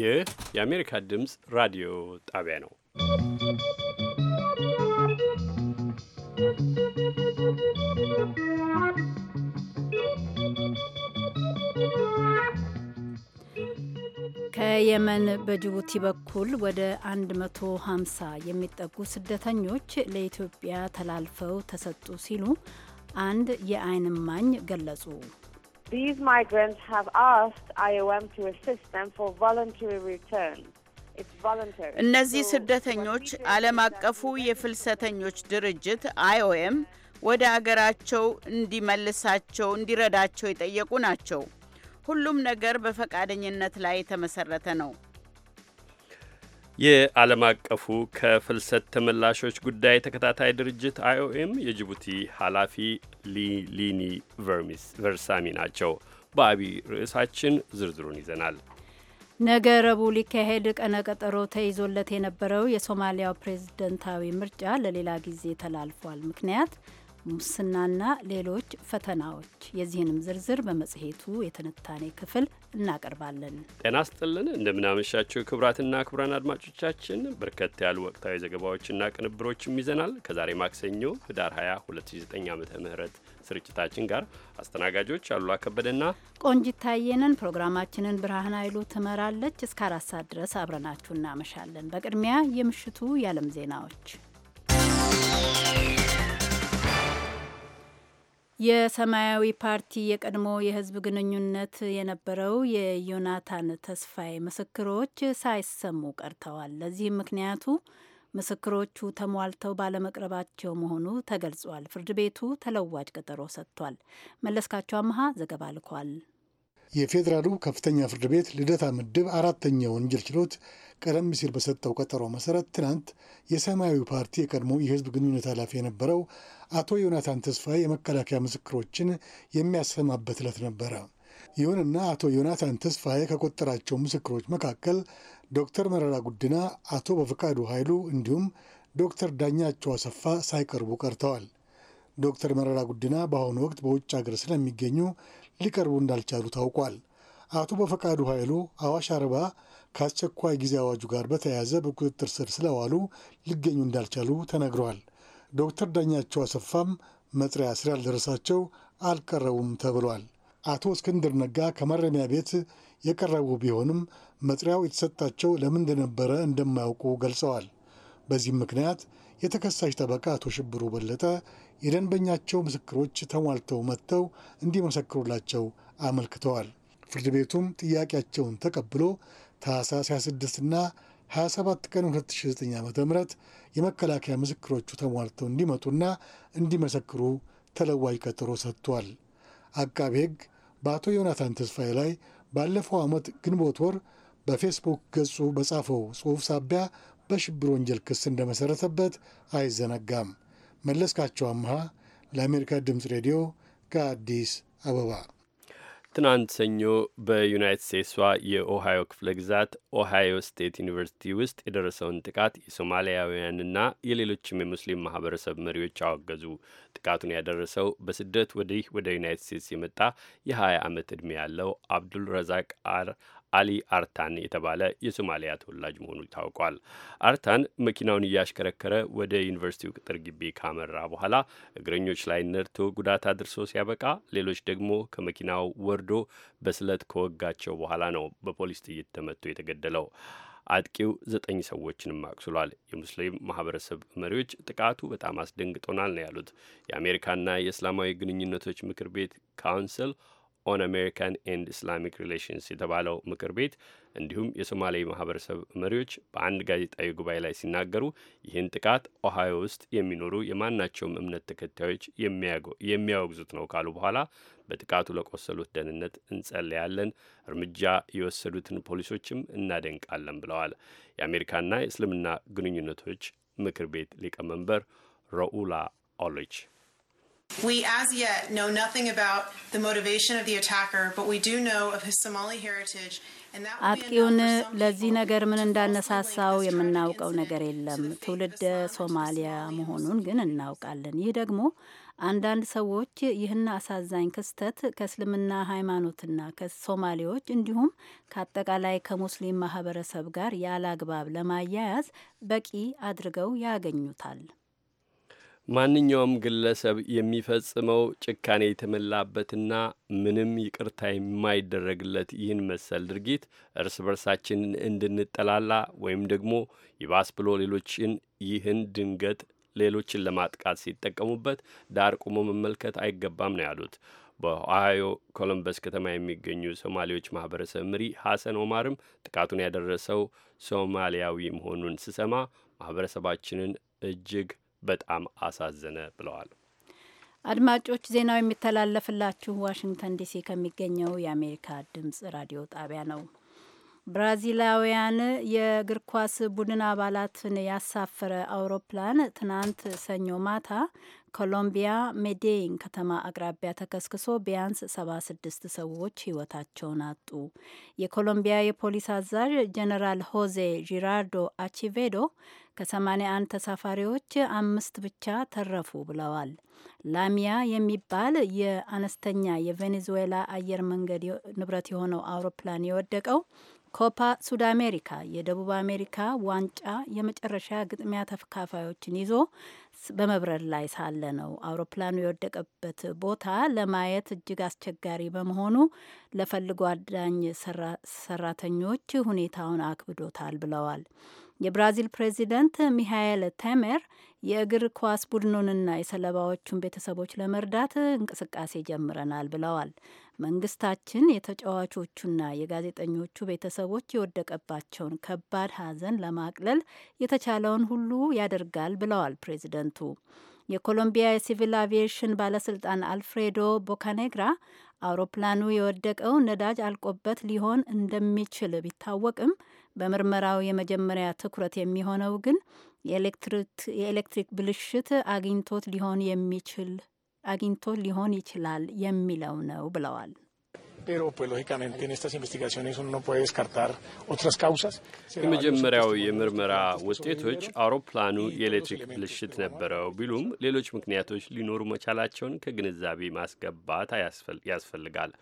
ይህ የአሜሪካ ድምፅ ራዲዮ ጣቢያ ነው። ከየመን በጅቡቲ በኩል ወደ 150 የሚጠጉ ስደተኞች ለኢትዮጵያ ተላልፈው ተሰጡ ሲሉ አንድ የአይን እማኝ ገለጹ። These migrants have asked IOM to assist them for voluntary return. እነዚህ ስደተኞች ዓለም አቀፉ የፍልሰተኞች ድርጅት አይኦኤም ወደ አገራቸው እንዲመልሳቸው እንዲረዳቸው የጠየቁ ናቸው። ሁሉም ነገር በፈቃደኝነት ላይ የተመሰረተ ነው። የዓለም አቀፉ ከፍልሰት ተመላሾች ጉዳይ ተከታታይ ድርጅት አይኦኤም የጅቡቲ ኃላፊ ሊሊኒ ቨርሳሚ ናቸው። በአቢ ርዕሳችን ዝርዝሩን ይዘናል። ነገ ረቡዕ ሊካሄድ ቀነ ቀጠሮ ተይዞለት የነበረው የሶማሊያው ፕሬዝደንታዊ ምርጫ ለሌላ ጊዜ ተላልፏል። ምክንያት ሙስናና ሌሎች ፈተናዎች የዚህንም ዝርዝር በመጽሔቱ የትንታኔ ክፍል እናቀርባለን። ጤና ስጥልን፣ እንደምናመሻቸው ክቡራትና ክቡራን አድማጮቻችን በርከት ያሉ ወቅታዊ ዘገባዎችና ቅንብሮችም ይዘናል። ከዛሬ ማክሰኞ ህዳር 20 2009 ዓ ምህረት ስርጭታችን ጋር አስተናጋጆች አሉላ ከበደና ቆንጂት ታየንን። ፕሮግራማችንን ብርሃን ኃይሉ ትመራለች። እስከ አራት ሰዓት ድረስ አብረናችሁ እናመሻለን። በቅድሚያ የምሽቱ የዓለም ዜናዎች የሰማያዊ ፓርቲ የቀድሞ የህዝብ ግንኙነት የነበረው የዮናታን ተስፋዬ ምስክሮች ሳይሰሙ ቀርተዋል። ለዚህም ምክንያቱ ምስክሮቹ ተሟልተው ባለመቅረባቸው መሆኑ ተገልጿል። ፍርድ ቤቱ ተለዋጭ ቀጠሮ ሰጥቷል። መለስካቸው አመሃ ዘገባ ልኳል። የፌዴራሉ ከፍተኛ ፍርድ ቤት ልደታ ምድብ አራተኛ ወንጀል ችሎት ቀደም ሲል በሰጠው ቀጠሮ መሰረት ትናንት የሰማያዊ ፓርቲ የቀድሞ የህዝብ ግንኙነት ኃላፊ የነበረው አቶ ዮናታን ተስፋዬ የመከላከያ ምስክሮችን የሚያሰማበት ዕለት ነበረ። ይሁንና አቶ ዮናታን ተስፋዬ ከቆጠራቸው ምስክሮች መካከል ዶክተር መረራ ጉድና አቶ በፍቃዱ ኃይሉ እንዲሁም ዶክተር ዳኛቸው አሰፋ ሳይቀርቡ ቀርተዋል። ዶክተር መረራ ጉድና በአሁኑ ወቅት በውጭ ሀገር ስለሚገኙ ሊቀርቡ እንዳልቻሉ ታውቋል። አቶ በፈቃዱ ኃይሉ አዋሽ አርባ ከአስቸኳይ ጊዜ አዋጁ ጋር በተያያዘ በቁጥጥር ስር ስለዋሉ ሊገኙ እንዳልቻሉ ተነግረዋል። ዶክተር ዳኛቸው አሰፋም መጥሪያ ስላልደረሳቸው አልቀረቡም ተብሏል። አቶ እስክንድር ነጋ ከማረሚያ ቤት የቀረቡ ቢሆንም መጥሪያው የተሰጣቸው ለምን እንደነበረ እንደማያውቁ ገልጸዋል። በዚህም ምክንያት የተከሳሽ ጠበቃ አቶ ሽብሩ በለጠ የደንበኛቸው ምስክሮች ተሟልተው መጥተው እንዲመሰክሩላቸው አመልክተዋል። ፍርድ ቤቱም ጥያቄያቸውን ተቀብሎ ታህሳስ 26ና 27 ቀን 2009 ዓ ም የመከላከያ ምስክሮቹ ተሟልተው እንዲመጡና እንዲመሰክሩ ተለዋጅ ቀጠሮ ሰጥቷል። አቃቢ ሕግ በአቶ ዮናታን ተስፋዬ ላይ ባለፈው ዓመት ግንቦት ወር በፌስቡክ ገጹ በጻፈው ጽሑፍ ሳቢያ በሽብር ወንጀል ክስ እንደመሠረተበት አይዘነጋም። መለስካቸው አምሃ ለአሜሪካ ድምፅ ሬዲዮ ከአዲስ አበባ ትናንት ሰኞ በዩናይትድ ስቴትሷ የኦሃዮ ክፍለ ግዛት ኦሃዮ ስቴት ዩኒቨርሲቲ ውስጥ የደረሰውን ጥቃት የሶማሊያውያንና የሌሎችም የሙስሊም ማህበረሰብ መሪዎች አወገዙ። ጥቃቱን ያደረሰው በስደት ወዲህ ወደ ዩናይትድ ስቴትስ የመጣ የ20 ዓመት ዕድሜ ያለው አብዱል ረዛቅ አር አሊ አርታን የተባለ የሶማሊያ ተወላጅ መሆኑ ታውቋል። አርታን መኪናውን እያሽከረከረ ወደ ዩኒቨርሲቲው ቅጥር ግቢ ካመራ በኋላ እግረኞች ላይ ነድቶ ጉዳት አድርሶ ሲያበቃ፣ ሌሎች ደግሞ ከመኪናው ወርዶ በስለት ከወጋቸው በኋላ ነው በፖሊስ ጥይት ተመቶ የተገደለው። አጥቂው ዘጠኝ ሰዎችንም አቁስሏል። የሙስሊም ማህበረሰብ መሪዎች ጥቃቱ በጣም አስደንግጦናል ነው ያሉት። የአሜሪካና የእስላማዊ ግንኙነቶች ምክር ቤት ካውንስል ኦን አሜሪካን ኤንድ ኢስላሚክ ሪሌሽንስ የተባለው ምክር ቤት እንዲሁም የሶማሌ ማህበረሰብ መሪዎች በአንድ ጋዜጣዊ ጉባኤ ላይ ሲናገሩ ይህን ጥቃት ኦሃዮ ውስጥ የሚኖሩ የማናቸውም እምነት ተከታዮች የሚያወግዙት ነው ካሉ በኋላ በጥቃቱ ለቆሰሉት ደህንነት እንጸለያለን፣ እርምጃ የወሰዱትን ፖሊሶችም እናደንቃለን ብለዋል። የአሜሪካና የእስልምና ግንኙነቶች ምክር ቤት ሊቀመንበር ሮኡላ ኦሎች We as yet know nothing about the motivation of the attacker, but we do know of his Somali heritage. አጥቂውን ለዚህ ነገር ምን እንዳነሳሳው የምናውቀው ነገር የለም። ትውልደ ሶማሊያ መሆኑን ግን እናውቃለን። ይህ ደግሞ አንዳንድ ሰዎች ይህን አሳዛኝ ክስተት ከእስልምና ሃይማኖትና ከሶማሌዎች እንዲሁም ከአጠቃላይ ከሙስሊም ማህበረሰብ ጋር ያለ አግባብ ለማያያዝ በቂ አድርገው ያገኙታል። ማንኛውም ግለሰብ የሚፈጽመው ጭካኔ የተመላበትና ምንም ይቅርታ የማይደረግለት ይህን መሰል ድርጊት እርስ በርሳችን እንድንጠላላ ወይም ደግሞ ይባስ ብሎ ሌሎችን ይህን ድንገት ሌሎችን ለማጥቃት ሲጠቀሙበት ዳር ቆሞ መመልከት አይገባም ነው ያሉት። በኦሃዮ ኮሎምበስ ከተማ የሚገኙ ሶማሌዎች ማህበረሰብ መሪ ሐሰን ኦማርም ጥቃቱን ያደረሰው ሶማሊያዊ መሆኑን ስሰማ ማህበረሰባችንን እጅግ በጣም አሳዘነ ብለዋል። አድማጮች ዜናው የሚተላለፍላችሁ ዋሽንግተን ዲሲ ከሚገኘው የአሜሪካ ድምጽ ራዲዮ ጣቢያ ነው። ብራዚላውያን የእግር ኳስ ቡድን አባላትን ያሳፈረ አውሮፕላን ትናንት ሰኞ ማታ ኮሎምቢያ ሜዴይን ከተማ አቅራቢያ ተከስክሶ ቢያንስ 76 ሰዎች ሕይወታቸውን አጡ። የኮሎምቢያ የፖሊስ አዛዥ ጀነራል ሆዜ ጂራርዶ አቺቬዶ ከ81 ተሳፋሪዎች አምስት ብቻ ተረፉ ብለዋል። ላሚያ የሚባል የአነስተኛ የቬኔዙዌላ አየር መንገድ ንብረት የሆነው አውሮፕላን የወደቀው ኮፓ ሱድ አሜሪካ የደቡብ አሜሪካ ዋንጫ የመጨረሻ ግጥሚያ ተፍካፋዮችን ይዞ በመብረር ላይ ሳለ ነው አውሮፕላኑ የወደቀበት ቦታ ለማየት እጅግ አስቸጋሪ በመሆኑ ለፈልጎ አዳኝ ሰራተኞች ሁኔታውን አክብዶታል ብለዋል። የብራዚል ፕሬዚደንት ሚሃኤል ቴሜር የእግር ኳስ ቡድኑንና የሰለባዎቹን ቤተሰቦች ለመርዳት እንቅስቃሴ ጀምረናል ብለዋል። መንግስታችን የተጫዋቾቹና የጋዜጠኞቹ ቤተሰቦች የወደቀባቸውን ከባድ ሐዘን ለማቅለል የተቻለውን ሁሉ ያደርጋል ብለዋል ፕሬዚደንቱ። የኮሎምቢያ የሲቪል አቪዬሽን ባለስልጣን አልፍሬዶ ቦካኔግራ አውሮፕላኑ የወደቀው ነዳጅ አልቆበት ሊሆን እንደሚችል ቢታወቅም በምርመራው የመጀመሪያ ትኩረት የሚሆነው ግን የኤሌክትሪክ ብልሽት አግኝቶት ሊሆን የሚችል አግኝቶ ሊሆን ይችላል የሚለው ነው ብለዋል። የመጀመሪያው የምርመራ ውጤቶች አውሮፕላኑ የኤሌክትሪክ ብልሽት ነበረው ቢሉም ሌሎች ምክንያቶች ሊኖሩ መቻላቸውን ከግንዛቤ ማስገባት ያስፈልጋል።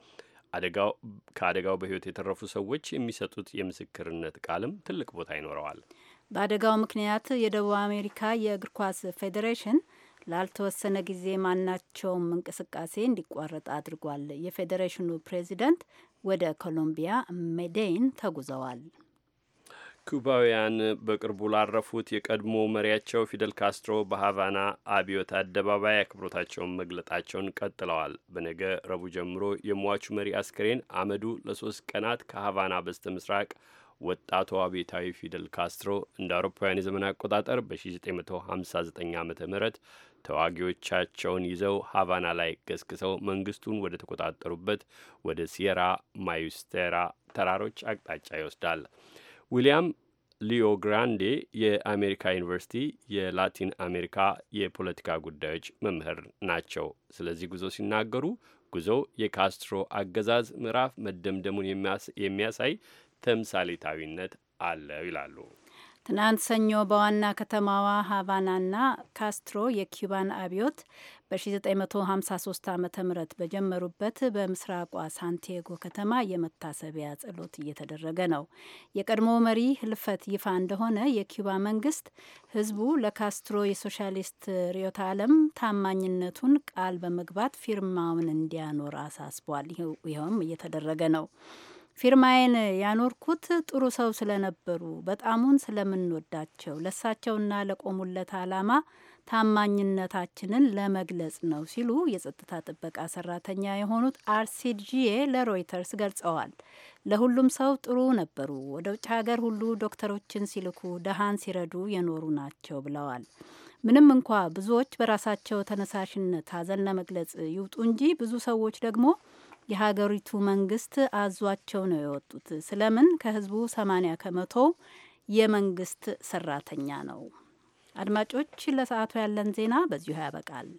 አደጋው ከአደጋው በሕይወት የተረፉ ሰዎች የሚሰጡት የምስክርነት ቃልም ትልቅ ቦታ ይኖረዋል። በአደጋው ምክንያት የደቡብ አሜሪካ የእግር ኳስ ፌዴሬሽን ላልተወሰነ ጊዜ ማናቸውም እንቅስቃሴ እንዲቋረጥ አድርጓል። የፌዴሬሽኑ ፕሬዚደንት ወደ ኮሎምቢያ ሜዴይን ተጉዘዋል። ኩባውያን በቅርቡ ላረፉት የቀድሞ መሪያቸው ፊደል ካስትሮ በሀቫና አብዮት አደባባይ አክብሮታቸውን መግለጣቸውን ቀጥለዋል። በነገ ረቡዕ ጀምሮ የሟቹ መሪ አስክሬን አመዱ ለሶስት ቀናት ከሀቫና በስተ ምስራቅ ወጣቱ አብዮታዊ ፊደል ካስትሮ እንደ አውሮፓውያን የዘመን አቆጣጠር በ1959 ዓ ም ተዋጊዎቻቸውን ይዘው ሀቫና ላይ ገስግሰው መንግስቱን ወደ ተቆጣጠሩበት ወደ ሲየራ ማዩስቴራ ተራሮች አቅጣጫ ይወስዳል። ዊሊያም ሊዮ ግራንዴ የአሜሪካ ዩኒቨርሲቲ የላቲን አሜሪካ የፖለቲካ ጉዳዮች መምህር ናቸው። ስለዚህ ጉዞ ሲናገሩ ጉዞ የካስትሮ አገዛዝ ምዕራፍ መደምደሙን የሚያሳይ ተምሳሌታዊነት አለው ይላሉ። ትናንት ሰኞ በዋና ከተማዋ ሀቫናና ካስትሮ የኪዩባን አብዮት በ1953 ዓ ም በጀመሩበት በምስራቋ ሳንቲያጎ ከተማ የመታሰቢያ ጸሎት እየተደረገ ነው። የቀድሞ መሪ ህልፈት ይፋ እንደሆነ የኪዩባ መንግስት ህዝቡ ለካስትሮ የሶሻሊስት ርዕዮተ ዓለም ታማኝነቱን ቃል በመግባት ፊርማውን እንዲያኖር አሳስቧል። ይኸውም እየተደረገ ነው። ፊርማዬን ያኖርኩት ጥሩ ሰው ስለነበሩ በጣሙን ስለምንወዳቸው ለሳቸውና ለቆሙለት ዓላማ ታማኝነታችንን ለመግለጽ ነው ሲሉ የጸጥታ ጥበቃ ሰራተኛ የሆኑት አርሲጂኤ ለሮይተርስ ገልጸዋል። ለሁሉም ሰው ጥሩ ነበሩ። ወደ ውጭ ሀገር ሁሉ ዶክተሮችን ሲልኩ፣ ደሃን ሲረዱ የኖሩ ናቸው ብለዋል። ምንም እንኳ ብዙዎች በራሳቸው ተነሳሽነት ሀዘን ለመግለጽ ይውጡ እንጂ ብዙ ሰዎች ደግሞ የሀገሪቱ መንግስት አዟቸው ነው የወጡት። ስለምን ከህዝቡ 80 ከመቶ የመንግስት ሰራተኛ ነው። አድማጮች፣ ለሰዓቱ ያለን ዜና በዚሁ ያበቃል።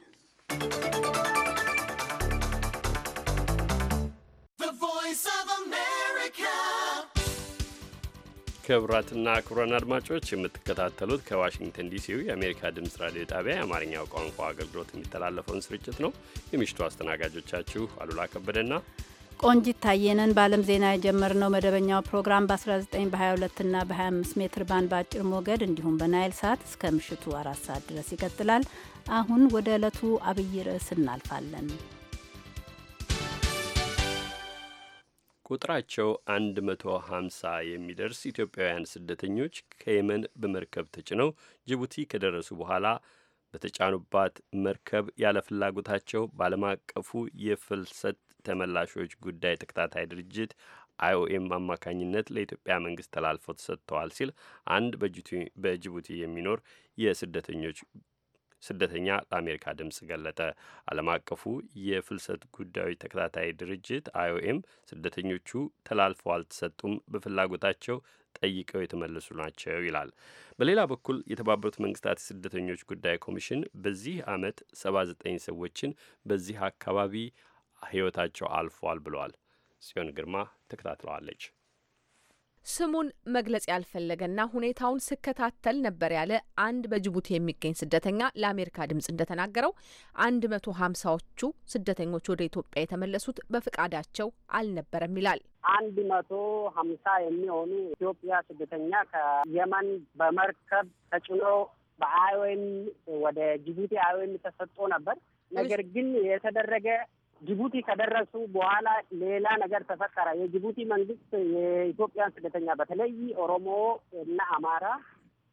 ክቡራትና ክቡራን አድማጮች የምትከታተሉት ከዋሽንግተን ዲሲው የአሜሪካ ድምፅ ራዲዮ ጣቢያ የአማርኛው ቋንቋ አገልግሎት የሚተላለፈውን ስርጭት ነው። የምሽቱ አስተናጋጆቻችሁ አሉላ ከበደና ቆንጂት ታየነን በዓለም ዜና የጀመርነው መደበኛው ፕሮግራም በ19 በ22ና በ25 ሜትር ባንድ በአጭር ሞገድ እንዲሁም በናይል ሳት እስከ ምሽቱ አራት ሰዓት ድረስ ይቀጥላል። አሁን ወደ ዕለቱ አብይ ርዕስ እናልፋለን። ቁጥራቸው 150 የሚደርስ ኢትዮጵያውያን ስደተኞች ከየመን በመርከብ ተጭነው ጅቡቲ ከደረሱ በኋላ በተጫኑባት መርከብ ያለ ፍላጎታቸው በዓለም አቀፉ የፍልሰት ተመላሾች ጉዳይ ተከታታይ ድርጅት አይኦኤም አማካኝነት ለኢትዮጵያ መንግስት ተላልፈው ተሰጥተዋል ሲል አንድ በጅቡቲ የሚኖር የስደተኞች ስደተኛ ለአሜሪካ ድምፅ ገለጠ። ዓለም አቀፉ የፍልሰት ጉዳዮች ተከታታይ ድርጅት አይኦኤም ስደተኞቹ ተላልፈው አልተሰጡም፣ በፍላጎታቸው ጠይቀው የተመለሱ ናቸው ይላል። በሌላ በኩል የተባበሩት መንግስታት የስደተኞች ጉዳይ ኮሚሽን በዚህ ዓመት 79 ሰዎችን በዚህ አካባቢ ሕይወታቸው አልፏል ብለዋል። ጽዮን ግርማ ተከታትለዋለች። ስሙን መግለጽ ያልፈለገና ሁኔታውን ስከታተል ነበር ያለ አንድ በጅቡቲ የሚገኝ ስደተኛ ለአሜሪካ ድምጽ እንደተናገረው አንድ መቶ ሀምሳዎቹ ስደተኞች ወደ ኢትዮጵያ የተመለሱት በፍቃዳቸው አልነበረም ይላል። አንድ መቶ ሀምሳ የሚሆኑ ኢትዮጵያ ስደተኛ ከየመን በመርከብ ተጭኖ በአይወይም ወደ ጅቡቲ አይወይም ተሰጥቶ ነበር። ነገር ግን የተደረገ ጅቡቲ ከደረሱ በኋላ ሌላ ነገር ተፈጠረ። የጅቡቲ መንግስት የኢትዮጵያን ስደተኛ በተለይ ኦሮሞ እና አማራ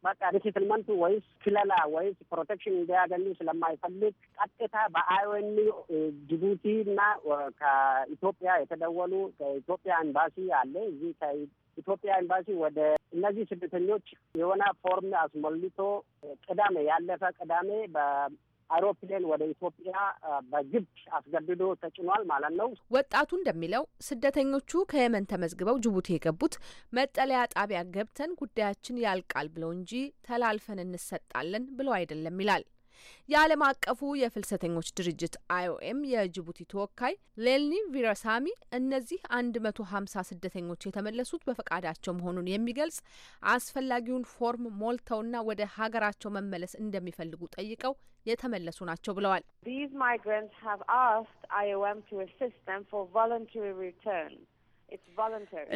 በቃ ሪሴትልመንቱ ወይስ ክለላ ወይስ ፕሮቴክሽን እንዲያገኙ ስለማይፈልግ ቀጥታ በአይኦኤን ጅቡቲ እና ከኢትዮጵያ የተደወሉ ከኢትዮጵያ ኤምባሲ አለ እዚህ ከኢትዮጵያ ኤምባሲ ወደ እነዚህ ስደተኞች የሆነ ፎርም አስሞልቶ ቅዳሜ ያለፈ ቅዳሜ አውሮፕሌን ወደ ኢትዮጵያ በግብ አስገድዶ ተጭኗል ማለት ነው። ወጣቱ እንደሚለው ስደተኞቹ ከየመን ተመዝግበው ጅቡቲ የገቡት መጠለያ ጣቢያ ገብተን ጉዳያችን ያልቃል ብለው እንጂ ተላልፈን እንሰጣለን ብለው አይደለም ይላል። የዓለም አቀፉ የፍልሰተኞች ድርጅት አይኦኤም የጅቡቲ ተወካይ ሌልኒ ቪረሳሚ እነዚህ 1መቶ ሀምሳ ስደተኞች የተመለሱት በፈቃዳቸው መሆኑን የሚገልጽ አስፈላጊውን ፎርም ሞልተውና ወደ ሀገራቸው መመለስ እንደሚፈልጉ ጠይቀው የተመለሱ ናቸው ብለዋል።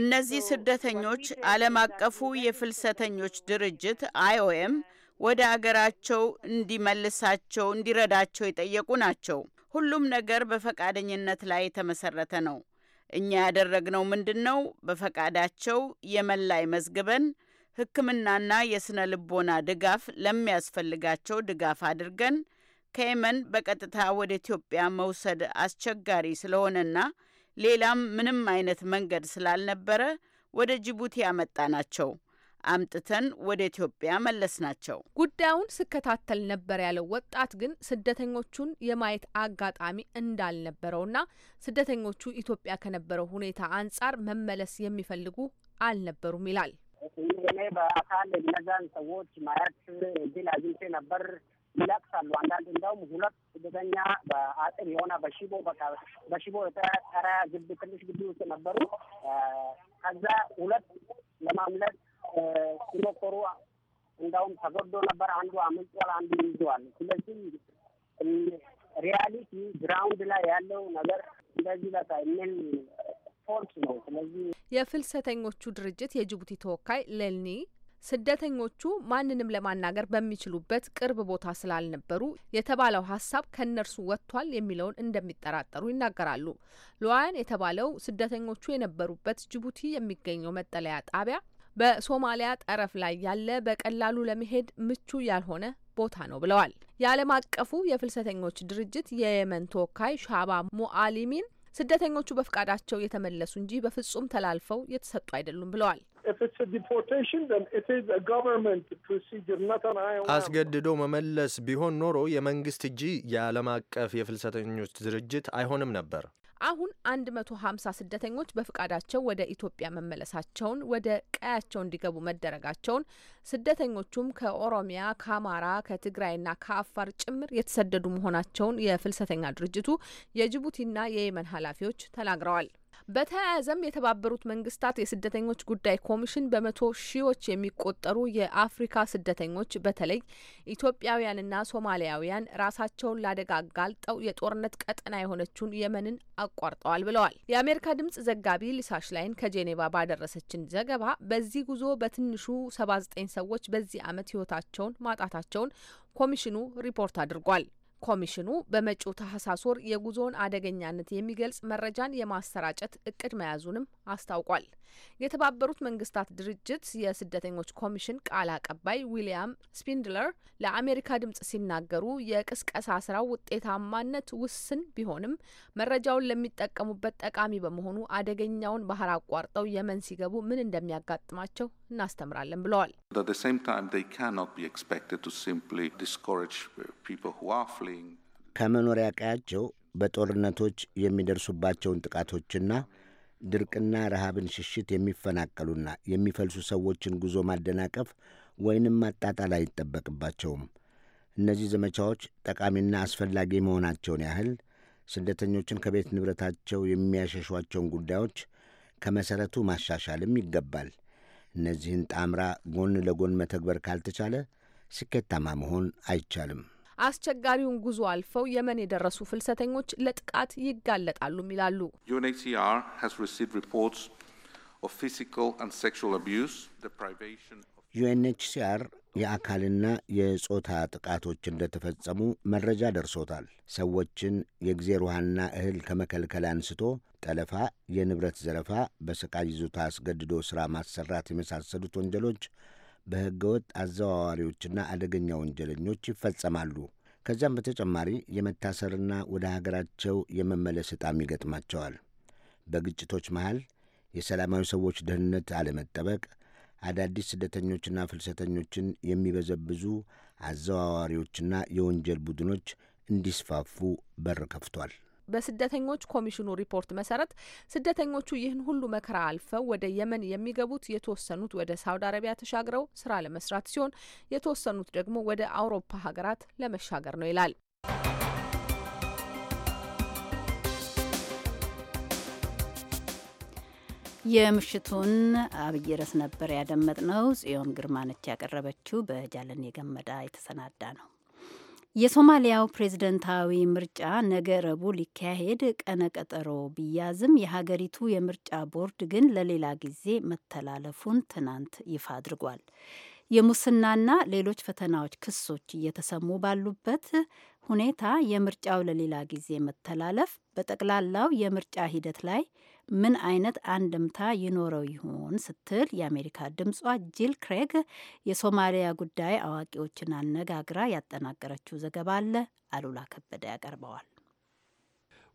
እነዚህ ስደተኞች ዓለም አቀፉ የፍልሰተኞች ድርጅት አይኦኤም ወደ አገራቸው እንዲመልሳቸው እንዲረዳቸው የጠየቁ ናቸው። ሁሉም ነገር በፈቃደኝነት ላይ የተመሰረተ ነው። እኛ ያደረግነው ምንድን ነው? በፈቃዳቸው የመን ላይ መዝግበን ሕክምናና የሥነ ልቦና ድጋፍ ለሚያስፈልጋቸው ድጋፍ አድርገን ከየመን በቀጥታ ወደ ኢትዮጵያ መውሰድ አስቸጋሪ ስለሆነና ሌላም ምንም አይነት መንገድ ስላልነበረ ወደ ጅቡቲ ያመጣ ናቸው። አምጥተን ወደ ኢትዮጵያ መለስ ናቸው። ጉዳዩን ስከታተል ነበር ያለው ወጣት ግን ስደተኞቹን የማየት አጋጣሚ እንዳልነበረውና ስደተኞቹ ኢትዮጵያ ከነበረው ሁኔታ አንጻር መመለስ የሚፈልጉ አልነበሩም ይላል። እኔ በአካል እነዛን ሰዎች ማየት እድል አግኝቼ ነበር። ይለቅሳሉ። አንዳንድ እንደውም ሁለት ስደተኛ በአጥር የሆነ በሽቦ በሽቦ የተጠረ ግቢ ትንሽ ግቢ ውስጥ ነበሩ። ከዛ ሁለት ለማምለት ሲሞከሩ እንዳውም ተጎዶ ነበር። አንዱ አመልጧል፣ አንዱ ይዘዋል። ስለዚህ ሪያሊቲ ግራውንድ ላይ ያለው ነገር እንደዚህ በቃ ምን ፎርስ ነው። ስለዚህ የፍልሰተኞቹ ድርጅት የጅቡቲ ተወካይ ለልኒ ስደተኞቹ ማንንም ለማናገር በሚችሉበት ቅርብ ቦታ ስላልነበሩ የተባለው ሀሳብ ከእነርሱ ወጥቷል የሚለውን እንደሚጠራጠሩ ይናገራሉ። ሉዋን የተባለው ስደተኞቹ የነበሩበት ጅቡቲ የሚገኘው መጠለያ ጣቢያ በሶማሊያ ጠረፍ ላይ ያለ በቀላሉ ለመሄድ ምቹ ያልሆነ ቦታ ነው ብለዋል። የዓለም አቀፉ የፍልሰተኞች ድርጅት የየመን ተወካይ ሻባ ሙአሊሚን ስደተኞቹ በፍቃዳቸው የተመለሱ እንጂ በፍጹም ተላልፈው የተሰጡ አይደሉም ብለዋል። አስገድዶ መመለስ ቢሆን ኖሮ የመንግስት እጂ የዓለም አቀፍ የፍልሰተኞች ድርጅት አይሆንም ነበር። አሁን 150 ስደተኞች በፍቃዳቸው ወደ ኢትዮጵያ መመለሳቸውን ወደ ቀያቸው እንዲገቡ መደረጋቸውን ስደተኞቹም ከኦሮሚያ፣ ከአማራ፣ ከትግራይና ከአፋር ጭምር የተሰደዱ መሆናቸውን የፍልሰተኛ ድርጅቱ የጅቡቲና የየመን ኃላፊዎች ተናግረዋል። በተያያዘም የተባበሩት መንግስታት የስደተኞች ጉዳይ ኮሚሽን በመቶ ሺዎች የሚቆጠሩ የአፍሪካ ስደተኞች በተለይ ኢትዮጵያውያንና ሶማሊያውያን ራሳቸውን ላደጋ አጋልጠው የጦርነት ቀጠና የሆነችውን የመንን አቋርጠዋል ብለዋል። የአሜሪካ ድምጽ ዘጋቢ ሊሳሽ ላይን ከጄኔቫ ባደረሰችን ዘገባ በዚህ ጉዞ በትንሹ ሰባ ዘጠኝ ሰዎች በዚህ ዓመት ህይወታቸውን ማጣታቸውን ኮሚሽኑ ሪፖርት አድርጓል። ኮሚሽኑ በመጪው ታህሳስ ወር የጉዞውን አደገኛነት የሚገልጽ መረጃን የማሰራጨት እቅድ መያዙንም አስታውቋል። የተባበሩት መንግስታት ድርጅት የስደተኞች ኮሚሽን ቃል አቀባይ ዊሊያም ስፒንድለር ለአሜሪካ ድምጽ ሲናገሩ የቅስቀሳ ስራው ውጤታማነት ውስን ቢሆንም መረጃውን ለሚጠቀሙበት ጠቃሚ በመሆኑ አደገኛውን ባህር አቋርጠው የመን ሲገቡ ምን እንደሚያጋጥማቸው እናስተምራለን ብለዋል። uh, ከመኖሪያ ቀያቸው በጦርነቶች የሚደርሱባቸውን ጥቃቶችና ድርቅና ረሃብን ሽሽት የሚፈናቀሉና የሚፈልሱ ሰዎችን ጉዞ ማደናቀፍ ወይንም ማጣጣል አይጠበቅባቸውም። እነዚህ ዘመቻዎች ጠቃሚና አስፈላጊ መሆናቸውን ያህል ስደተኞችን ከቤት ንብረታቸው የሚያሸሿቸውን ጉዳዮች ከመሠረቱ ማሻሻልም ይገባል። እነዚህን ጣምራ ጎን ለጎን መተግበር ካልተቻለ ስኬታማ መሆን አይቻልም። አስቸጋሪውን ጉዞ አልፈው የመን የደረሱ ፍልሰተኞች ለጥቃት ይጋለጣሉም ይላሉ። ዩኤንኤችሲአር የአካልና የጾታ ጥቃቶች እንደተፈጸሙ መረጃ ደርሶታል። ሰዎችን የጊዜር ውሃና እህል ከመከልከል አንስቶ ጠለፋ፣ የንብረት ዘረፋ፣ በስቃይ ይዞታ፣ አስገድዶ ሥራ ማሰራት የመሳሰሉት ወንጀሎች በሕገወጥ አዘዋዋሪዎችና አደገኛ ወንጀለኞች ይፈጸማሉ። ከዚያም በተጨማሪ የመታሰርና ወደ ሀገራቸው የመመለስ ዕጣም ይገጥማቸዋል። በግጭቶች መሃል የሰላማዊ ሰዎች ደህንነት አለመጠበቅ አዳዲስ ስደተኞችና ፍልሰተኞችን የሚበዘብዙ አዘዋዋሪዎችና የወንጀል ቡድኖች እንዲስፋፉ በር ከፍቷል። በስደተኞች ኮሚሽኑ ሪፖርት መሰረት ስደተኞቹ ይህን ሁሉ መከራ አልፈው ወደ የመን የሚገቡት የተወሰኑት ወደ ሳውዲ አረቢያ ተሻግረው ስራ ለመስራት ሲሆን የተወሰኑት ደግሞ ወደ አውሮፓ ሀገራት ለመሻገር ነው ይላል። የምሽቱን አብይ ርዕስ ነበር ያደመጥነው። ጽዮን ግርማነች ያቀረበችው በጃለን ገመዳ የተሰናዳ ነው። የሶማሊያው ፕሬዝደንታዊ ምርጫ ነገ ረቡዕ ሊካሄድ ቀነ ቀጠሮ ቢያዝም የሀገሪቱ የምርጫ ቦርድ ግን ለሌላ ጊዜ መተላለፉን ትናንት ይፋ አድርጓል። የሙስናና ሌሎች ፈተናዎች ክሶች እየተሰሙ ባሉበት ሁኔታ የምርጫው ለሌላ ጊዜ መተላለፍ በጠቅላላው የምርጫ ሂደት ላይ ምን አይነት አንድምታ ይኖረው ይሆን ስትል የአሜሪካ ድምጿ ጂል ክሬግ የሶማሊያ ጉዳይ አዋቂዎችን አነጋግራ ያጠናቀረችው ዘገባ አለ። አሉላ ከበደ ያቀርበዋል።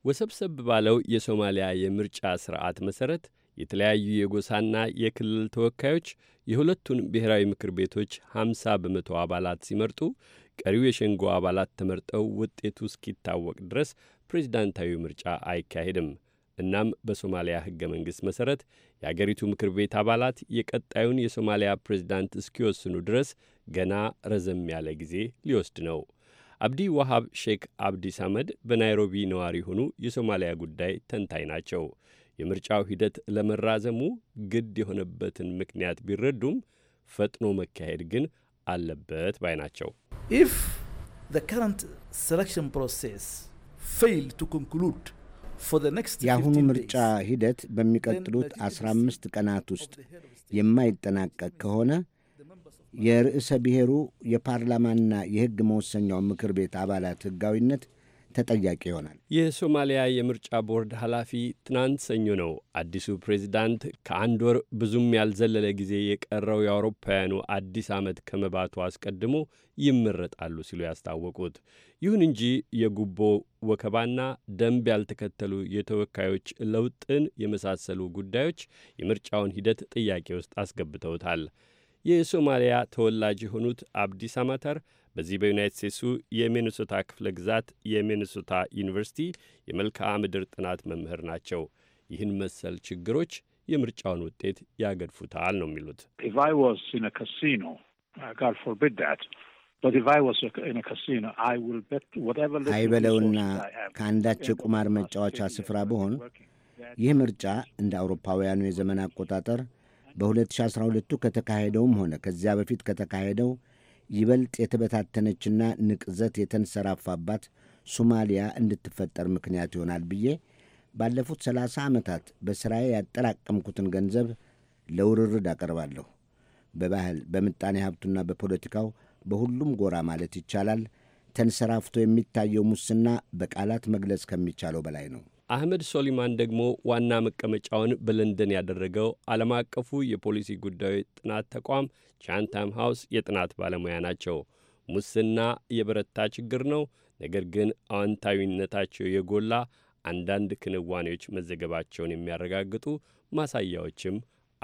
ወሰብሰብ ባለው የሶማሊያ የምርጫ ስርዓት መሰረት የተለያዩ የጎሳና የክልል ተወካዮች የሁለቱን ብሔራዊ ምክር ቤቶች 50 በመቶ አባላት ሲመርጡ ቀሪው የሸንጎ አባላት ተመርጠው ውጤቱ እስኪታወቅ ድረስ ፕሬዚዳንታዊ ምርጫ አይካሄድም። እናም በሶማሊያ ህገ መንግሥት መሠረት የአገሪቱ ምክር ቤት አባላት የቀጣዩን የሶማሊያ ፕሬዚዳንት እስኪወስኑ ድረስ ገና ረዘም ያለ ጊዜ ሊወስድ ነው። አብዲ ዋሃብ ሼክ አብዲ ሳመድ በናይሮቢ ነዋሪ የሆኑ የሶማሊያ ጉዳይ ተንታኝ ናቸው። የምርጫው ሂደት ለመራዘሙ ግድ የሆነበትን ምክንያት ቢረዱም ፈጥኖ መካሄድ ግን አለበት ባይ ናቸው። ኢፍ ዘ ከረንት ሴሌክሽን ፕሮሴስ ፌይል ቱ ኮንክሉድ የአሁኑ ምርጫ ሂደት በሚቀጥሉት 15 ቀናት ውስጥ የማይጠናቀቅ ከሆነ የርዕሰ ብሔሩ የፓርላማና የሕግ መወሰኛው ምክር ቤት አባላት ሕጋዊነት ተጠያቂ ይሆናል። የሶማሊያ የምርጫ ቦርድ ኃላፊ ትናንት ሰኞ ነው አዲሱ ፕሬዚዳንት ከአንድ ወር ብዙም ያልዘለለ ጊዜ የቀረው የአውሮፓውያኑ አዲስ ዓመት ከመባቱ አስቀድሞ ይመረጣሉ ሲሉ ያስታወቁት። ይሁን እንጂ የጉቦ ወከባና ደንብ ያልተከተሉ የተወካዮች ለውጥን የመሳሰሉ ጉዳዮች የምርጫውን ሂደት ጥያቄ ውስጥ አስገብተውታል። የሶማሊያ ተወላጅ የሆኑት አብዲስ አማተር በዚህ በዩናይት ስቴትሱ የሚኒሶታ ክፍለ ግዛት የሚኒሶታ ዩኒቨርሲቲ የመልክዓ ምድር ጥናት መምህር ናቸው። ይህን መሰል ችግሮች የምርጫውን ውጤት ያገድፉታል ነው የሚሉት። uh, አይበለውና ከአንዳች የቁማር መጫወቻ ስፍራ ብሆን ይህ ምርጫ እንደ አውሮፓውያኑ የዘመን አቆጣጠር በ2012ቱ ከተካሄደውም ሆነ ከዚያ በፊት ከተካሄደው ይበልጥ የተበታተነችና ንቅዘት የተንሰራፋባት ሶማሊያ እንድትፈጠር ምክንያት ይሆናል ብዬ ባለፉት ሰላሳ ዓመታት በሥራዬ ያጠራቀምኩትን ገንዘብ ለውርርድ አቀርባለሁ። በባህል በምጣኔ ሀብቱና በፖለቲካው በሁሉም ጎራ ማለት ይቻላል ተንሰራፍቶ የሚታየው ሙስና በቃላት መግለጽ ከሚቻለው በላይ ነው። አህመድ ሶሊማን ደግሞ ዋና መቀመጫውን በለንደን ያደረገው ዓለም አቀፉ የፖሊሲ ጉዳዮች ጥናት ተቋም ቻንታም ሃውስ የጥናት ባለሙያ ናቸው። ሙስና የበረታ ችግር ነው፣ ነገር ግን አዎንታዊነታቸው የጎላ አንዳንድ ክንዋኔዎች መዘገባቸውን የሚያረጋግጡ ማሳያዎችም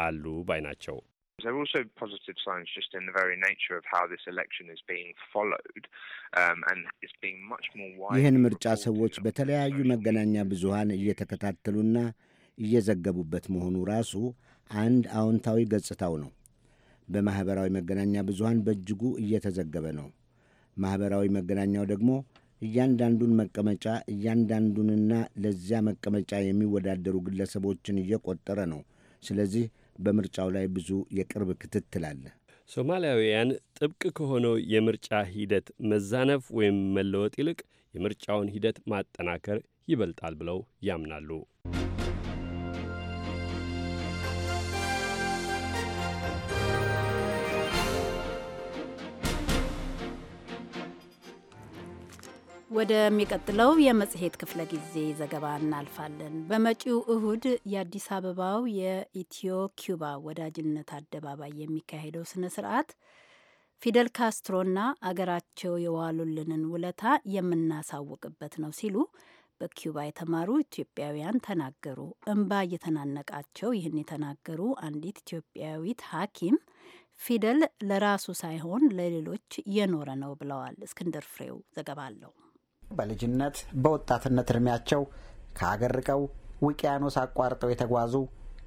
አሉ ባይ ናቸው። There are also positive signs just in the very nature of how this election is being followed, um, and it's being much more wide. ይህን ምርጫ ሰዎች በተለያዩ መገናኛ ብዙሃን እየተከታተሉና እየዘገቡበት መሆኑ ራሱ አንድ አዎንታዊ ገጽታው ነው። በማኅበራዊ መገናኛ ብዙሃን በእጅጉ እየተዘገበ ነው። ማኅበራዊ መገናኛው ደግሞ እያንዳንዱን መቀመጫ እያንዳንዱንና ለዚያ መቀመጫ የሚወዳደሩ ግለሰቦችን እየቆጠረ ነው። ስለዚህ በምርጫው ላይ ብዙ የቅርብ ክትትል አለ። ሶማሊያውያን ጥብቅ ከሆነው የምርጫ ሂደት መዛነፍ ወይም መለወጥ ይልቅ የምርጫውን ሂደት ማጠናከር ይበልጣል ብለው ያምናሉ። ወደሚቀጥለው የመጽሔት ክፍለ ጊዜ ዘገባ እናልፋለን። በመጪው እሁድ የአዲስ አበባው የኢትዮ ኪዩባ ወዳጅነት አደባባይ የሚካሄደው ስነ ስርዓት ፊደል ካስትሮና አገራቸው የዋሉልንን ውለታ የምናሳውቅበት ነው ሲሉ በኪዩባ የተማሩ ኢትዮጵያውያን ተናገሩ። እምባ እየተናነቃቸው ይህን የተናገሩ አንዲት ኢትዮጵያዊት ሐኪም ፊደል ለራሱ ሳይሆን ለሌሎች የኖረ ነው ብለዋል። እስክንድር ፍሬው ዘገባ አለው። በልጅነት በወጣትነት እድሜያቸው ከሀገር ርቀው ውቅያኖስ አቋርጠው የተጓዙ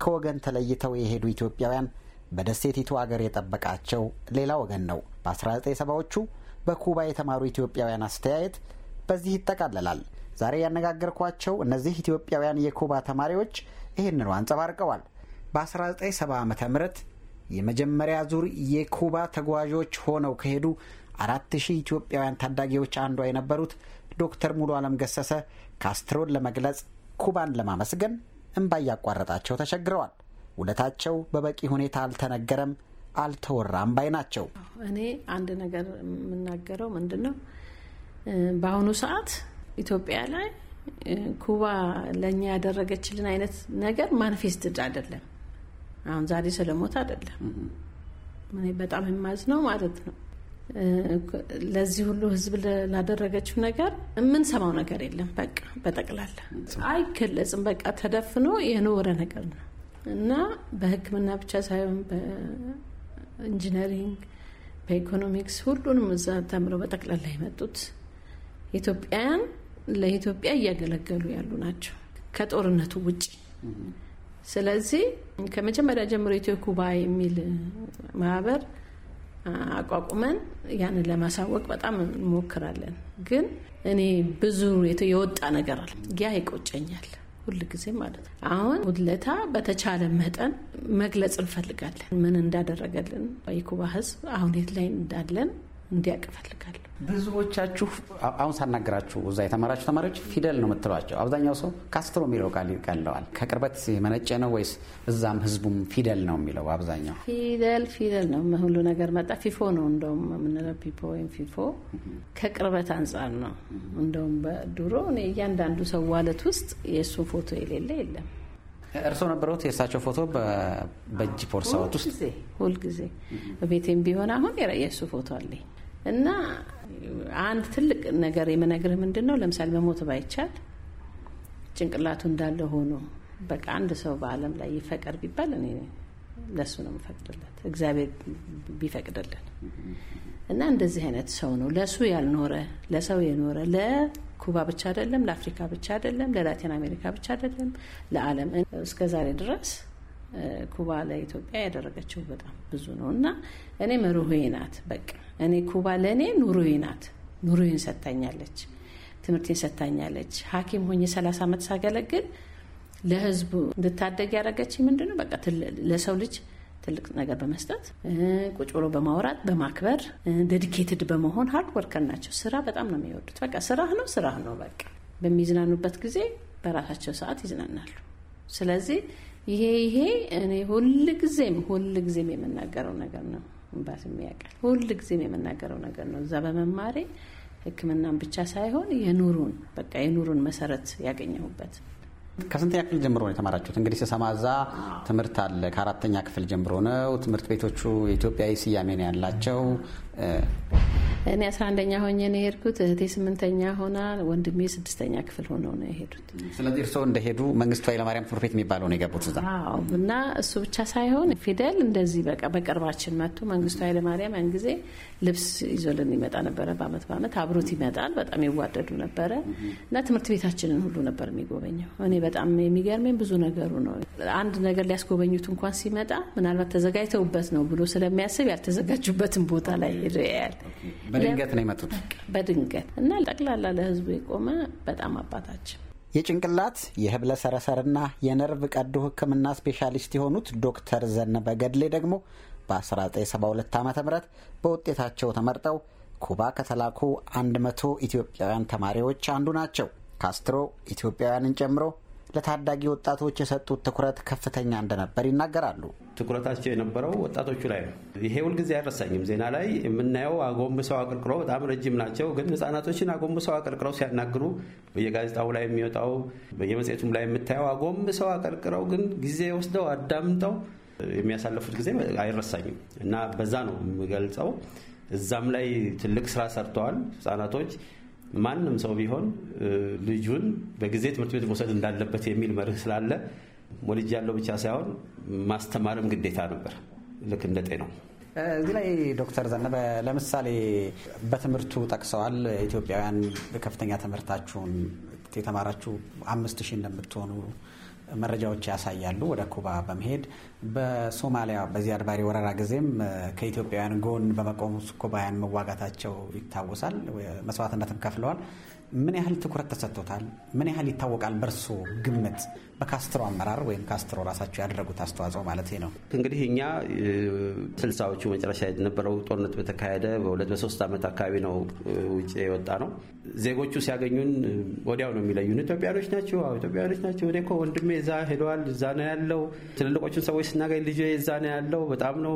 ከወገን ተለይተው የሄዱ ኢትዮጵያውያን በደሴቲቱ አገር የጠበቃቸው ሌላ ወገን ነው። በ1970ዎቹ በኩባ የተማሩ ኢትዮጵያውያን አስተያየት በዚህ ይጠቃለላል። ዛሬ ያነጋገርኳቸው እነዚህ ኢትዮጵያውያን የኩባ ተማሪዎች ይህንኑ አንጸባርቀዋል። በ1970 ዓ ም የመጀመሪያ ዙር የኩባ ተጓዦች ሆነው ከሄዱ አራት ሺህ ኢትዮጵያውያን ታዳጊዎች አንዷ የነበሩት ዶክተር ሙሉ አለም ገሰሰ ካስትሮን ለመግለጽ ኩባን ለማመስገን እምባ እያቋረጣቸው ተቸግረዋል። ውለታቸው በበቂ ሁኔታ አልተነገረም፣ አልተወራም ባይ ናቸው። እኔ አንድ ነገር የምናገረው ምንድን ነው፣ በአሁኑ ሰዓት ኢትዮጵያ ላይ ኩባ ለእኛ ያደረገችልን አይነት ነገር ማኒፌስትድ አይደለም። አሁን ዛሬ ስለሞት አይደለም እኔ በጣም የማዝነው ማለት ነው ለዚህ ሁሉ ህዝብ ላደረገችው ነገር የምንሰማው ነገር የለም። በቃ በጠቅላላ አይገለጽም። በቃ ተደፍኖ የኖረ ነገር ነው እና በህክምና ብቻ ሳይሆን በኢንጂነሪንግ፣ በኢኮኖሚክስ ሁሉንም እዛ ተምረው በጠቅላላ የመጡት ኢትዮጵያውያን ለኢትዮጵያ እያገለገሉ ያሉ ናቸው ከጦርነቱ ውጭ። ስለዚህ ከመጀመሪያ ጀምሮ ኢትዮ ኩባ የሚል ማህበር አቋቁመን ያንን ለማሳወቅ በጣም እንሞክራለን። ግን እኔ ብዙ የወጣ ነገር አለ፣ ያ ይቆጨኛል ሁል ጊዜ ማለት ነው። አሁን ውድለታ በተቻለ መጠን መግለጽ እንፈልጋለን። ምን እንዳደረገልን የኩባ ህዝብ አሁን የት ላይ እንዳለን እንዲያውቅ እፈልጋለሁ። ብዙዎቻችሁ አሁን ሳናገራችሁ እዛ የተማራችሁ ተማሪዎች ፊደል ነው የምትሏቸው። አብዛኛው ሰው ካስትሮ የሚለው ቃል ይቀለዋል። ከቅርበት የመነጨ ነው ወይስ እዛም ህዝቡም ፊደል ነው የሚለው? አብዛኛው ፊደል ፊደል ነው። ሁሉ ነገር መጣ ፊፎ ነው እንደውም የምንለው ፒፖ ወይም ፊፎ ከቅርበት አንጻር ነው። እንደውም በድሮ እያንዳንዱ ሰው ዋለት ውስጥ የእሱ ፎቶ የሌለ የለም። እርስዎ ነበሩት የእሳቸው ፎቶ በእጅ ፖርሳዎት ውስጥ ሁልጊዜ? ቤቴም ቢሆን አሁን የሱ ፎቶ አለኝ እና አንድ ትልቅ ነገር የምነግርህ ምንድን ነው፣ ለምሳሌ መሞት ባይቻል ጭንቅላቱ እንዳለ ሆኖ በቃ አንድ ሰው በዓለም ላይ ይፈቀር ቢባል እኔ ለሱ ነው የምፈቅድለት፣ እግዚአብሔር ቢፈቅድልን እና እንደዚህ አይነት ሰው ነው ለሱ ያልኖረ ለሰው የኖረ ለኩባ ብቻ አይደለም፣ ለአፍሪካ ብቻ አይደለም፣ ለላቲን አሜሪካ ብቻ አይደለም፣ ለዓለም እስከ ዛሬ ድረስ ኩባ ለኢትዮጵያ ያደረገችው በጣም ብዙ ነው እና እኔ መርሆዬ ናት። በቃ እኔ ኩባ ለእኔ ኑሮዬ ናት። ኑሮዬን ሰጥታኛለች፣ ትምህርቴን ሰጥታኛለች። ሐኪም ሆኜ ሰላሳ ዓመት ሳገለግል ለህዝቡ እንድታደግ ያደረገች ምንድን ነው? በቃ ለሰው ልጅ ትልቅ ነገር በመስጠት ቁጭ ብሎ በማውራት በማክበር ዴዲኬትድ በመሆን ሀርድ ወርከር ናቸው። ስራ በጣም ነው የሚወዱት። በቃ ስራህ ነው ስራህ ነው። በቃ በሚዝናኑበት ጊዜ በራሳቸው ሰዓት ይዝናናሉ። ስለዚህ ይሄ ይሄ እኔ ሁል ጊዜም ሁል ጊዜም የምናገረው ነገር ነው። እንባስ የሚያቀል ሁል ጊዜም የምናገረው ነገር ነው። እዛ በመማሬ ሕክምናን ብቻ ሳይሆን የኑሩን በቃ የኑሩን መሰረት ያገኘሁበት ከስንተኛ ክፍል ጀምሮ ነው የተማራችሁት? እንግዲህ ስሰማ እዛ ትምህርት አለ። ከአራተኛ ክፍል ጀምሮ ነው ትምህርት ቤቶቹ የኢትዮጵያዊ ስያሜ ነው ያላቸው። እኔ አስራ አንደኛ ሆኜ ነው የሄድኩት። እህቴ ስምንተኛ ሆና ወንድሜ ስድስተኛ ክፍል ሆነው ነው የሄዱት። ስለዚህ እርስዎ እንደሄዱ መንግስቱ ኃይለማርያም ትምህርት ቤት የሚባለው ነው የገቡት እዛ? እና እሱ ብቻ ሳይሆን ፊደል እንደዚህ በቃ በቅርባችን መጥቶ መንግስቱ ኃይለማርያም ያን ጊዜ ልብስ ይዞልን ይመጣ ነበረ። በአመት በአመት አብሮት ይመጣል። በጣም ይዋደዱ ነበረ እና ትምህርት ቤታችንን ሁሉ ነበር የሚጎበኘው። እኔ በጣም የሚገርመኝ ብዙ ነገሩ ነው። አንድ ነገር ሊያስጎበኙት እንኳን ሲመጣ ምናልባት ተዘጋጅተውበት ነው ብሎ ስለሚያስብ ያልተዘጋጁበትን ቦታ ላይ ይሬያል። በድንገት ነው የመጡት በድንገት እና ጠቅላላ ለህዝቡ የቆመ በጣም አባታችን የጭንቅላት የህብለ ሰረሰርና የነርቭ ቀዶ ህክምና ስፔሻሊስት የሆኑት ዶክተር ዘነበ ገድሌ ደግሞ በ1972 ዓ ም በውጤታቸው ተመርጠው ኩባ ከተላኩ 100 ኢትዮጵያውያን ተማሪዎች አንዱ ናቸው። ካስትሮ ኢትዮጵያውያንን ጨምሮ ለታዳጊ ወጣቶች የሰጡት ትኩረት ከፍተኛ እንደነበር ይናገራሉ። ትኩረታቸው የነበረው ወጣቶቹ ላይ ነው። ይሄ ሁልጊዜ አይረሳኝም። ዜና ላይ የምናየው አጎንብሰው አቀርቅረው በጣም ረጅም ናቸው፣ ግን ህጻናቶችን አጎንብሰው አቀርቅረው ሲያናግሩ በየጋዜጣው ላይ የሚወጣው በየመጽሔቱም ላይ የምታየው አጎንብሰው አቀርቅረው ግን ጊዜ ወስደው አዳምጠው የሚያሳልፉት ጊዜ አይረሳኝም እና በዛ ነው የምገልጸው። እዛም ላይ ትልቅ ስራ ሰርተዋል ህጻናቶች ማንም ሰው ቢሆን ልጁን በጊዜ ትምህርት ቤት መውሰድ እንዳለበት የሚል መርህ ስላለ ወልጅ ያለው ብቻ ሳይሆን ማስተማርም ግዴታ ነበር። ልክ እንደ ጤናው እዚህ ላይ ዶክተር ዘነበ ለምሳሌ በትምህርቱ ጠቅሰዋል። ኢትዮጵያውያን ከፍተኛ ትምህርታችሁን የተማራችሁ አምስት ሺህ እንደምትሆኑ መረጃዎች ያሳያሉ። ወደ ኩባ በመሄድ በሶማሊያ በዚህ አድባሪ ወረራ ጊዜም ከኢትዮጵያውያን ጎን በመቆም ኩባውያን መዋጋታቸው ይታወሳል። መስዋዕትነትም ከፍለዋል። ምን ያህል ትኩረት ተሰጥቶታል? ምን ያህል ይታወቃል? በእርሶ ግምት በካስትሮ አመራር ወይም ካስትሮ ራሳቸው ያደረጉት አስተዋጽኦ ማለት ነው። እንግዲህ እኛ ስልሳዎቹ መጨረሻ የነበረው ጦርነት በተካሄደ በሁለት በሶስት ዓመት አካባቢ ነው ውጭ የወጣ ነው። ዜጎቹ ሲያገኙን ወዲያው ነው የሚለዩን። ኢትዮጵያኖች ናቸው፣ ኢትዮጵያኖች ናቸው። እኔ እኮ ወንድሜ እዛ ሄደዋል፣ እዛ ነው ያለው። ትልልቆቹን ሰዎች ስናገኝ ልጅ እዛ ነው ያለው፣ በጣም ነው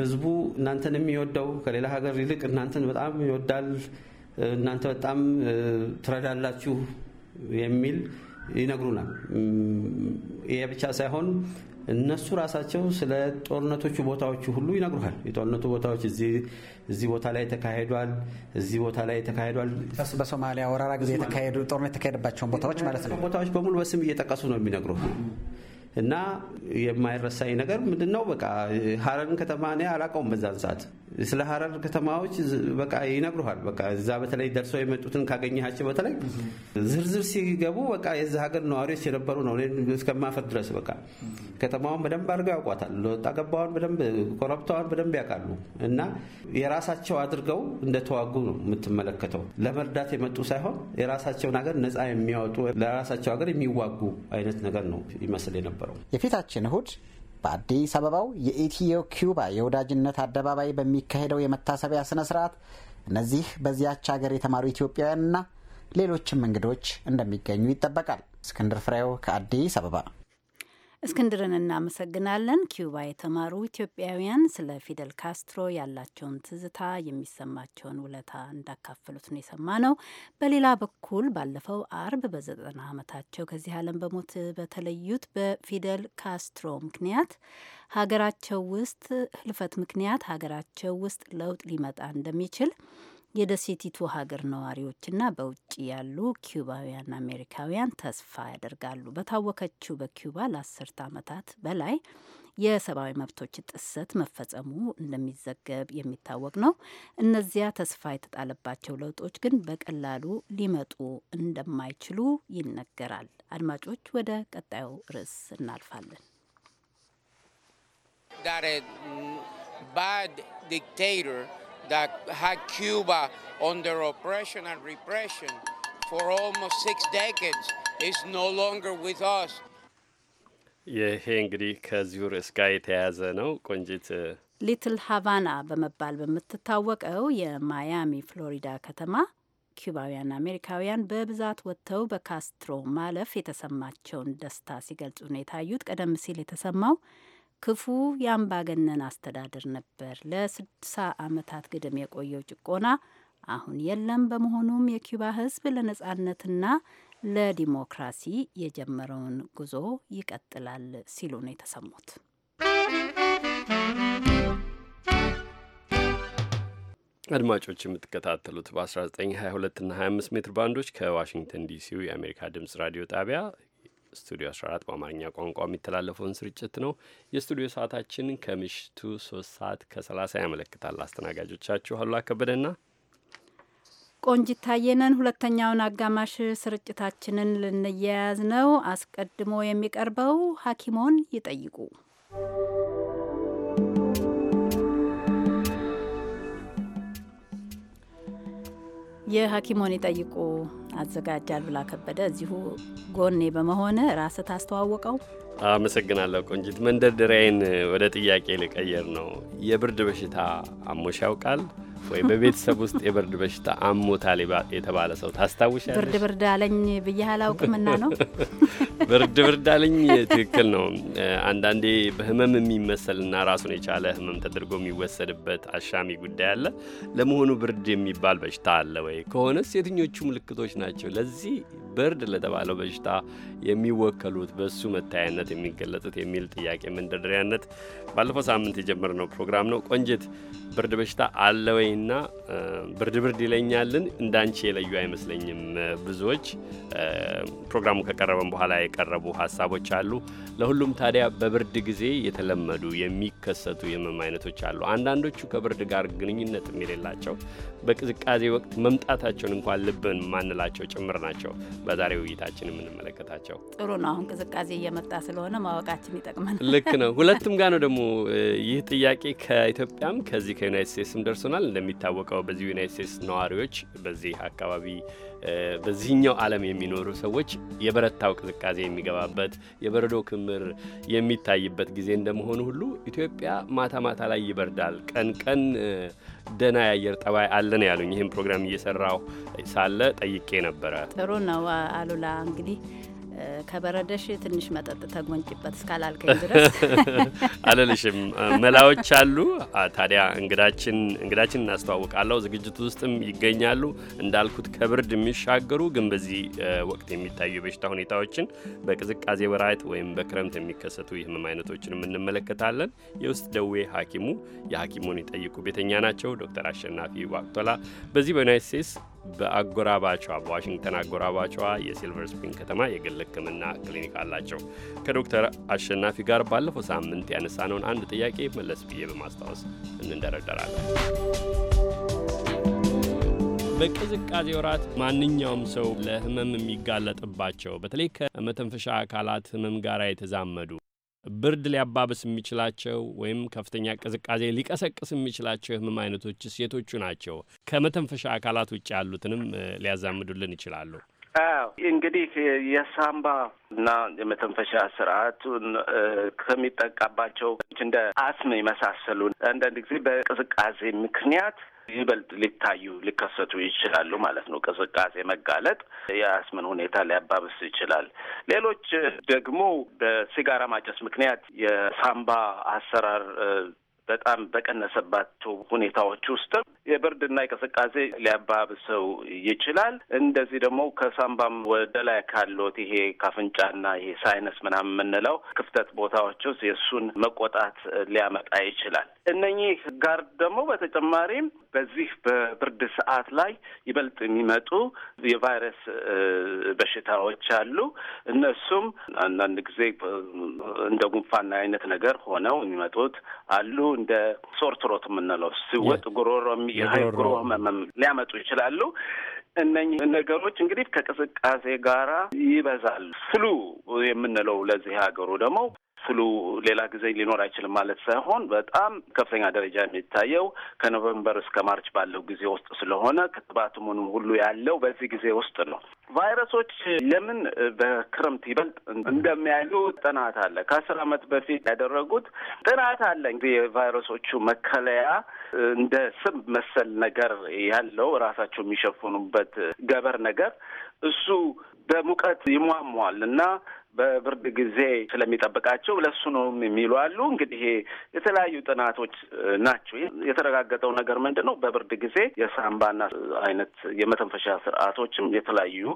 ህዝቡ እናንተን የሚወደው ከሌላ ሀገር ይልቅ እናንተን በጣም ይወዳል እናንተ በጣም ትረዳላችሁ የሚል ይነግሩናል። ይሄ ብቻ ሳይሆን እነሱ ራሳቸው ስለ ጦርነቶቹ ቦታዎች ሁሉ ይነግሩሃል። የጦርነቱ ቦታዎች እዚህ ቦታ ላይ ተካሄዷል፣ እዚህ ቦታ ላይ ተካሄዷል። በሶማሊያ ወረራ ጊዜ ጦርነት የተካሄደባቸውን ቦታዎች ማለት ነው። ቦታዎች በሙሉ በስም እየጠቀሱ ነው የሚነግሩ እና የማይረሳኝ ነገር ምንድን ነው? በቃ ሀረርን ከተማ እኔ አላውቀውም በዛን ሰዓት ስለ ሀረር ከተማዎች በቃ ይነግሩሃል። በቃ እዛ በተለይ ደርሰው የመጡትን ካገኘሃቸው በተለይ ዝርዝር ሲገቡ በቃ የዛ ሀገር ነዋሪዎች የነበሩ ነው እስከማፈር ድረስ በቃ ከተማውን በደንብ አድርገው ያውቋታል። ለወጣ ገባዋን በደንብ ኮረብታዋን በደንብ ያውቃሉ። እና የራሳቸው አድርገው እንደተዋጉ ነው የምትመለከተው። ለመርዳት የመጡ ሳይሆን የራሳቸውን ሀገር ነፃ የሚያወጡ ለራሳቸው ሀገር የሚዋጉ አይነት ነገር ነው ይመስል የነበረው የፊታችን እሁድ በአዲስ አበባው የኢትዮ ኪዩባ የወዳጅነት አደባባይ በሚካሄደው የመታሰቢያ ስነ ስርዓት እነዚህ በዚያች ሀገር የተማሩ ኢትዮጵያውያንና ሌሎችም እንግዶች እንደሚገኙ ይጠበቃል። እስክንድር ፍሬው ከአዲስ አበባ እስክንድርን እናመሰግናለን። ኪዩባ የተማሩ ኢትዮጵያውያን ስለ ፊደል ካስትሮ ያላቸውን ትዝታ፣ የሚሰማቸውን ውለታ እንዳካፈሉት ነው ነው። በሌላ በኩል ባለፈው አርብ በዘጠና ዓመታቸው ከዚህ ዓለም በሞት በተለዩት በፊደል ካስትሮ ምክንያት ሀገራቸው ውስጥ ህልፈት ምክንያት ሀገራቸው ውስጥ ለውጥ ሊመጣ እንደሚችል የደሴቲቱ ሀገር ነዋሪዎችና በውጭ ያሉ ኪውባውያን አሜሪካውያን ተስፋ ያደርጋሉ። በታወከችው በኪውባ ለአስርተ ዓመታት በላይ የሰብአዊ መብቶች ጥሰት መፈጸሙ እንደሚዘገብ የሚታወቅ ነው። እነዚያ ተስፋ የተጣለባቸው ለውጦች ግን በቀላሉ ሊመጡ እንደማይችሉ ይነገራል። አድማጮች፣ ወደ ቀጣዩ ርዕስ እናልፋለን። ባድ ዲክቴተር that had Cuba under oppression and repression for almost six decades is no longer with us. ይሄ እንግዲህ ከዚሁ ርዕስ ጋር የተያያዘ ነው። ቆንጂት ሊትል ሀቫና በመባል በምትታወቀው የማያሚ ፍሎሪዳ ከተማ ኪውባውያን አሜሪካውያን በብዛት ወጥተው በካስትሮ ማለፍ የተሰማቸውን ደስታ ሲገልጹ ነው የታዩት። ቀደም ሲል የተሰማው ክፉ የአምባገነን አስተዳደር ነበር። ለስድሳ ዓመታት ግድም የቆየው ጭቆና አሁን የለም። በመሆኑም የኪባ ሕዝብ ለነጻነትና ለዲሞክራሲ የጀመረውን ጉዞ ይቀጥላል ሲሉ ነው የተሰሙት። አድማጮች የምትከታተሉት በ1922 እና 25 ሜትር ባንዶች ከዋሽንግተን ዲሲው የአሜሪካ ድምጽ ራዲዮ ጣቢያ ስቱዲዮ 14 በአማርኛ ቋንቋ የሚተላለፈውን ስርጭት ነው። የስቱዲዮ ሰዓታችን ከምሽቱ 3 ሰዓት ከ30 ያመለክታል። አስተናጋጆቻችሁ አሉላ ከበደና ቆንጂት ታየነን። ሁለተኛውን አጋማሽ ስርጭታችንን ልንያያዝ ነው። አስቀድሞ የሚቀርበው ሐኪሞን ይጠይቁ Thank you. የሐኪሞን ይጠይቁ አዘጋጃል ብላ ከበደ እዚሁ ጎኔ በመሆነ ራስህ ታስተዋወቀው አመሰግናለሁ ቆንጂት። መንደርደሪያዬን ወደ ጥያቄ ልቀየር ነው። የብርድ በሽታ አሞሽ ያውቃል ወይ? በቤተሰብ ውስጥ የብርድ በሽታ አሞታል የተባለ ሰው ታስታውሻለሽ? ብርድ ብርድ አለኝ ብዬሽ አላውቅምና ነው። ብርድ ብርድ አለኝ ትክክል ነው። አንዳንዴ በህመም የሚመሰልና ራሱን የቻለ ህመም ተደርጎ የሚወሰድበት አሻሚ ጉዳይ አለ። ለመሆኑ ብርድ የሚባል በሽታ አለ ወይ? ከሆነስ የትኞቹ ምልክቶች ናቸው ለዚህ ብርድ ለተባለው በሽታ የሚወከሉት በሱ መታያነት የሚገለጡት የሚል ጥያቄ መንደርደሪያነት ባለፈው ሳምንት የጀመርነው ፕሮግራም ነው። ቆንጅት ብርድ በሽታ አለ ወይና ብርድ ብርድ ይለኛልን እንዳንቺ የለዩ አይመስለኝም። ብዙዎች ፕሮግራሙ ከቀረበን በኋላ የቀረቡ ሀሳቦች አሉ። ለሁሉም ታዲያ በብርድ ጊዜ የተለመዱ የሚከሰቱ የህመም አይነቶች አሉ። አንዳንዶቹ ከብርድ ጋር ግንኙነት የሌላቸው በቅዝቃዜ ወቅት መምጣታቸውን እንኳን ልብን ማንላቸው ጭምር ናቸው። በዛሬ ውይይታችን የምንመለከታቸው ጥሩ ነው። አሁን ቅዝቃዜ እየመጣ ስለሆነ ማወቃችን ይጠቅመናል። ልክ ነው። ሁለቱም ጋር ነው ደግሞ ይህ ጥያቄ ከኢትዮጵያም ከዚህ ከዩናይት ስቴትስም ደርሶናል። እንደሚታወቀው በዚህ ዩናይት ስቴትስ ነዋሪዎች በዚህ አካባቢ በዚህኛው ዓለም የሚኖሩ ሰዎች የበረታው ቅዝቃዜ የሚገባበት የበረዶ ክምር የሚታይበት ጊዜ እንደመሆኑ ሁሉ ኢትዮጵያ ማታ ማታ ላይ ይበርዳል፣ ቀን ቀን ደህና የአየር ጠባይ አለን ያሉኝ ይህን ፕሮግራም እየሰራሁ ሳለ ጠይቄ ነበረ። ጥሩ ነው አሉላ እንግዲህ ከበረደሽ ትንሽ መጠጥ ተጎንጭበት እስካላልከኝ ድረስ አለልሽም። መላዎች አሉ። ታዲያ እንግዳችን እንግዳችን እናስተዋውቃለሁ። ዝግጅቱ ውስጥም ይገኛሉ። እንዳልኩት ከብርድ የሚሻገሩ ግን በዚህ ወቅት የሚታዩ በሽታ ሁኔታዎችን በቅዝቃዜ ወራት ወይም በክረምት የሚከሰቱ የህመም አይነቶችንም እንመለከታለን። የውስጥ ደዌ ሐኪሙ የሐኪሙን ይጠይቁ ቤተኛ ናቸው ዶክተር አሸናፊ ዋቅቶላ በዚህ በዩናይት ስቴትስ በአጎራባቿ በዋሽንግተን አጎራባቿ የሲልቨር ስፕሪንግ ከተማ የግል ሕክምና ክሊኒክ አላቸው። ከዶክተር አሸናፊ ጋር ባለፈው ሳምንት ያነሳነውን አንድ ጥያቄ መለስ ብዬ በማስታወስ እንደረደራለን። በቅዝቃዜ ወራት ማንኛውም ሰው ለህመም የሚጋለጥባቸው በተለይ ከመተንፈሻ አካላት ህመም ጋር የተዛመዱ ብርድ ሊያባብስ የሚችላቸው ወይም ከፍተኛ ቅዝቃዜ ሊቀሰቅስ የሚችላቸው የህመም አይነቶች ሴቶቹ ናቸው። ከመተንፈሻ አካላት ውጭ ያሉትንም ሊያዛምዱልን ይችላሉ። አዎ እንግዲህ የሳምባ እና የመተንፈሻ ስርዓቱን ከሚጠቃባቸው እንደ አስም የመሳሰሉ አንዳንድ ጊዜ በቅዝቃዜ ምክንያት ይበልጥ ሊታዩ ሊከሰቱ ይችላሉ ማለት ነው። ቅስቃሴ መጋለጥ የአስምን ሁኔታ ሊያባብስ ይችላል። ሌሎች ደግሞ በሲጋራ ማጨስ ምክንያት የሳምባ አሰራር በጣም በቀነሰባቸው ሁኔታዎች ውስጥም የብርድና ቅስቃሴ ሊያባብሰው ይችላል። እንደዚህ ደግሞ ከሳምባም ወደ ላይ ካሉት ይሄ ካፍንጫና ይሄ ሳይነስ ምናምን የምንለው ክፍተት ቦታዎች ውስጥ የእሱን መቆጣት ሊያመጣ ይችላል። እነኚህ ጋር ደግሞ በተጨማሪም በዚህ በብርድ ሰዓት ላይ ይበልጥ የሚመጡ የቫይረስ በሽታዎች አሉ። እነሱም አንዳንድ ጊዜ እንደ ጉንፋና አይነት ነገር ሆነው የሚመጡት አሉ። እንደ ሶርትሮት የምንለው ሲወጥ ጉሮሮ ጉሮሮ ህመም ሊያመጡ ይችላሉ። እነኚህ ነገሮች እንግዲህ ከቅዝቃዜ ጋራ ይበዛል። ፍሉ የምንለው ለዚህ ሀገሩ ደግሞ ፍሉ ሌላ ጊዜ ሊኖር አይችልም ማለት ሳይሆን በጣም ከፍተኛ ደረጃ የሚታየው ከኖቨምበር እስከ ማርች ባለው ጊዜ ውስጥ ስለሆነ ክትባቱም ሁሉ ያለው በዚህ ጊዜ ውስጥ ነው። ቫይረሶች ለምን በክረምት ይበልጥ እንደሚያዩ ጥናት አለ። ከአስር ዓመት በፊት ያደረጉት ጥናት አለ። እንግዲህ የቫይረሶቹ መከለያ እንደ ስብ መሰል ነገር ያለው ራሳቸው የሚሸፍኑበት ገበር ነገር እሱ በሙቀት ይሟሟል እና በብርድ ጊዜ ስለሚጠብቃቸው ለሱ ነው የሚሉ አሉ። እንግዲህ የተለያዩ ጥናቶች ናቸው። የተረጋገጠው ነገር ምንድን ነው? በብርድ ጊዜ የሳምባና አይነት የመተንፈሻ ስርዓቶችም የተለያዩ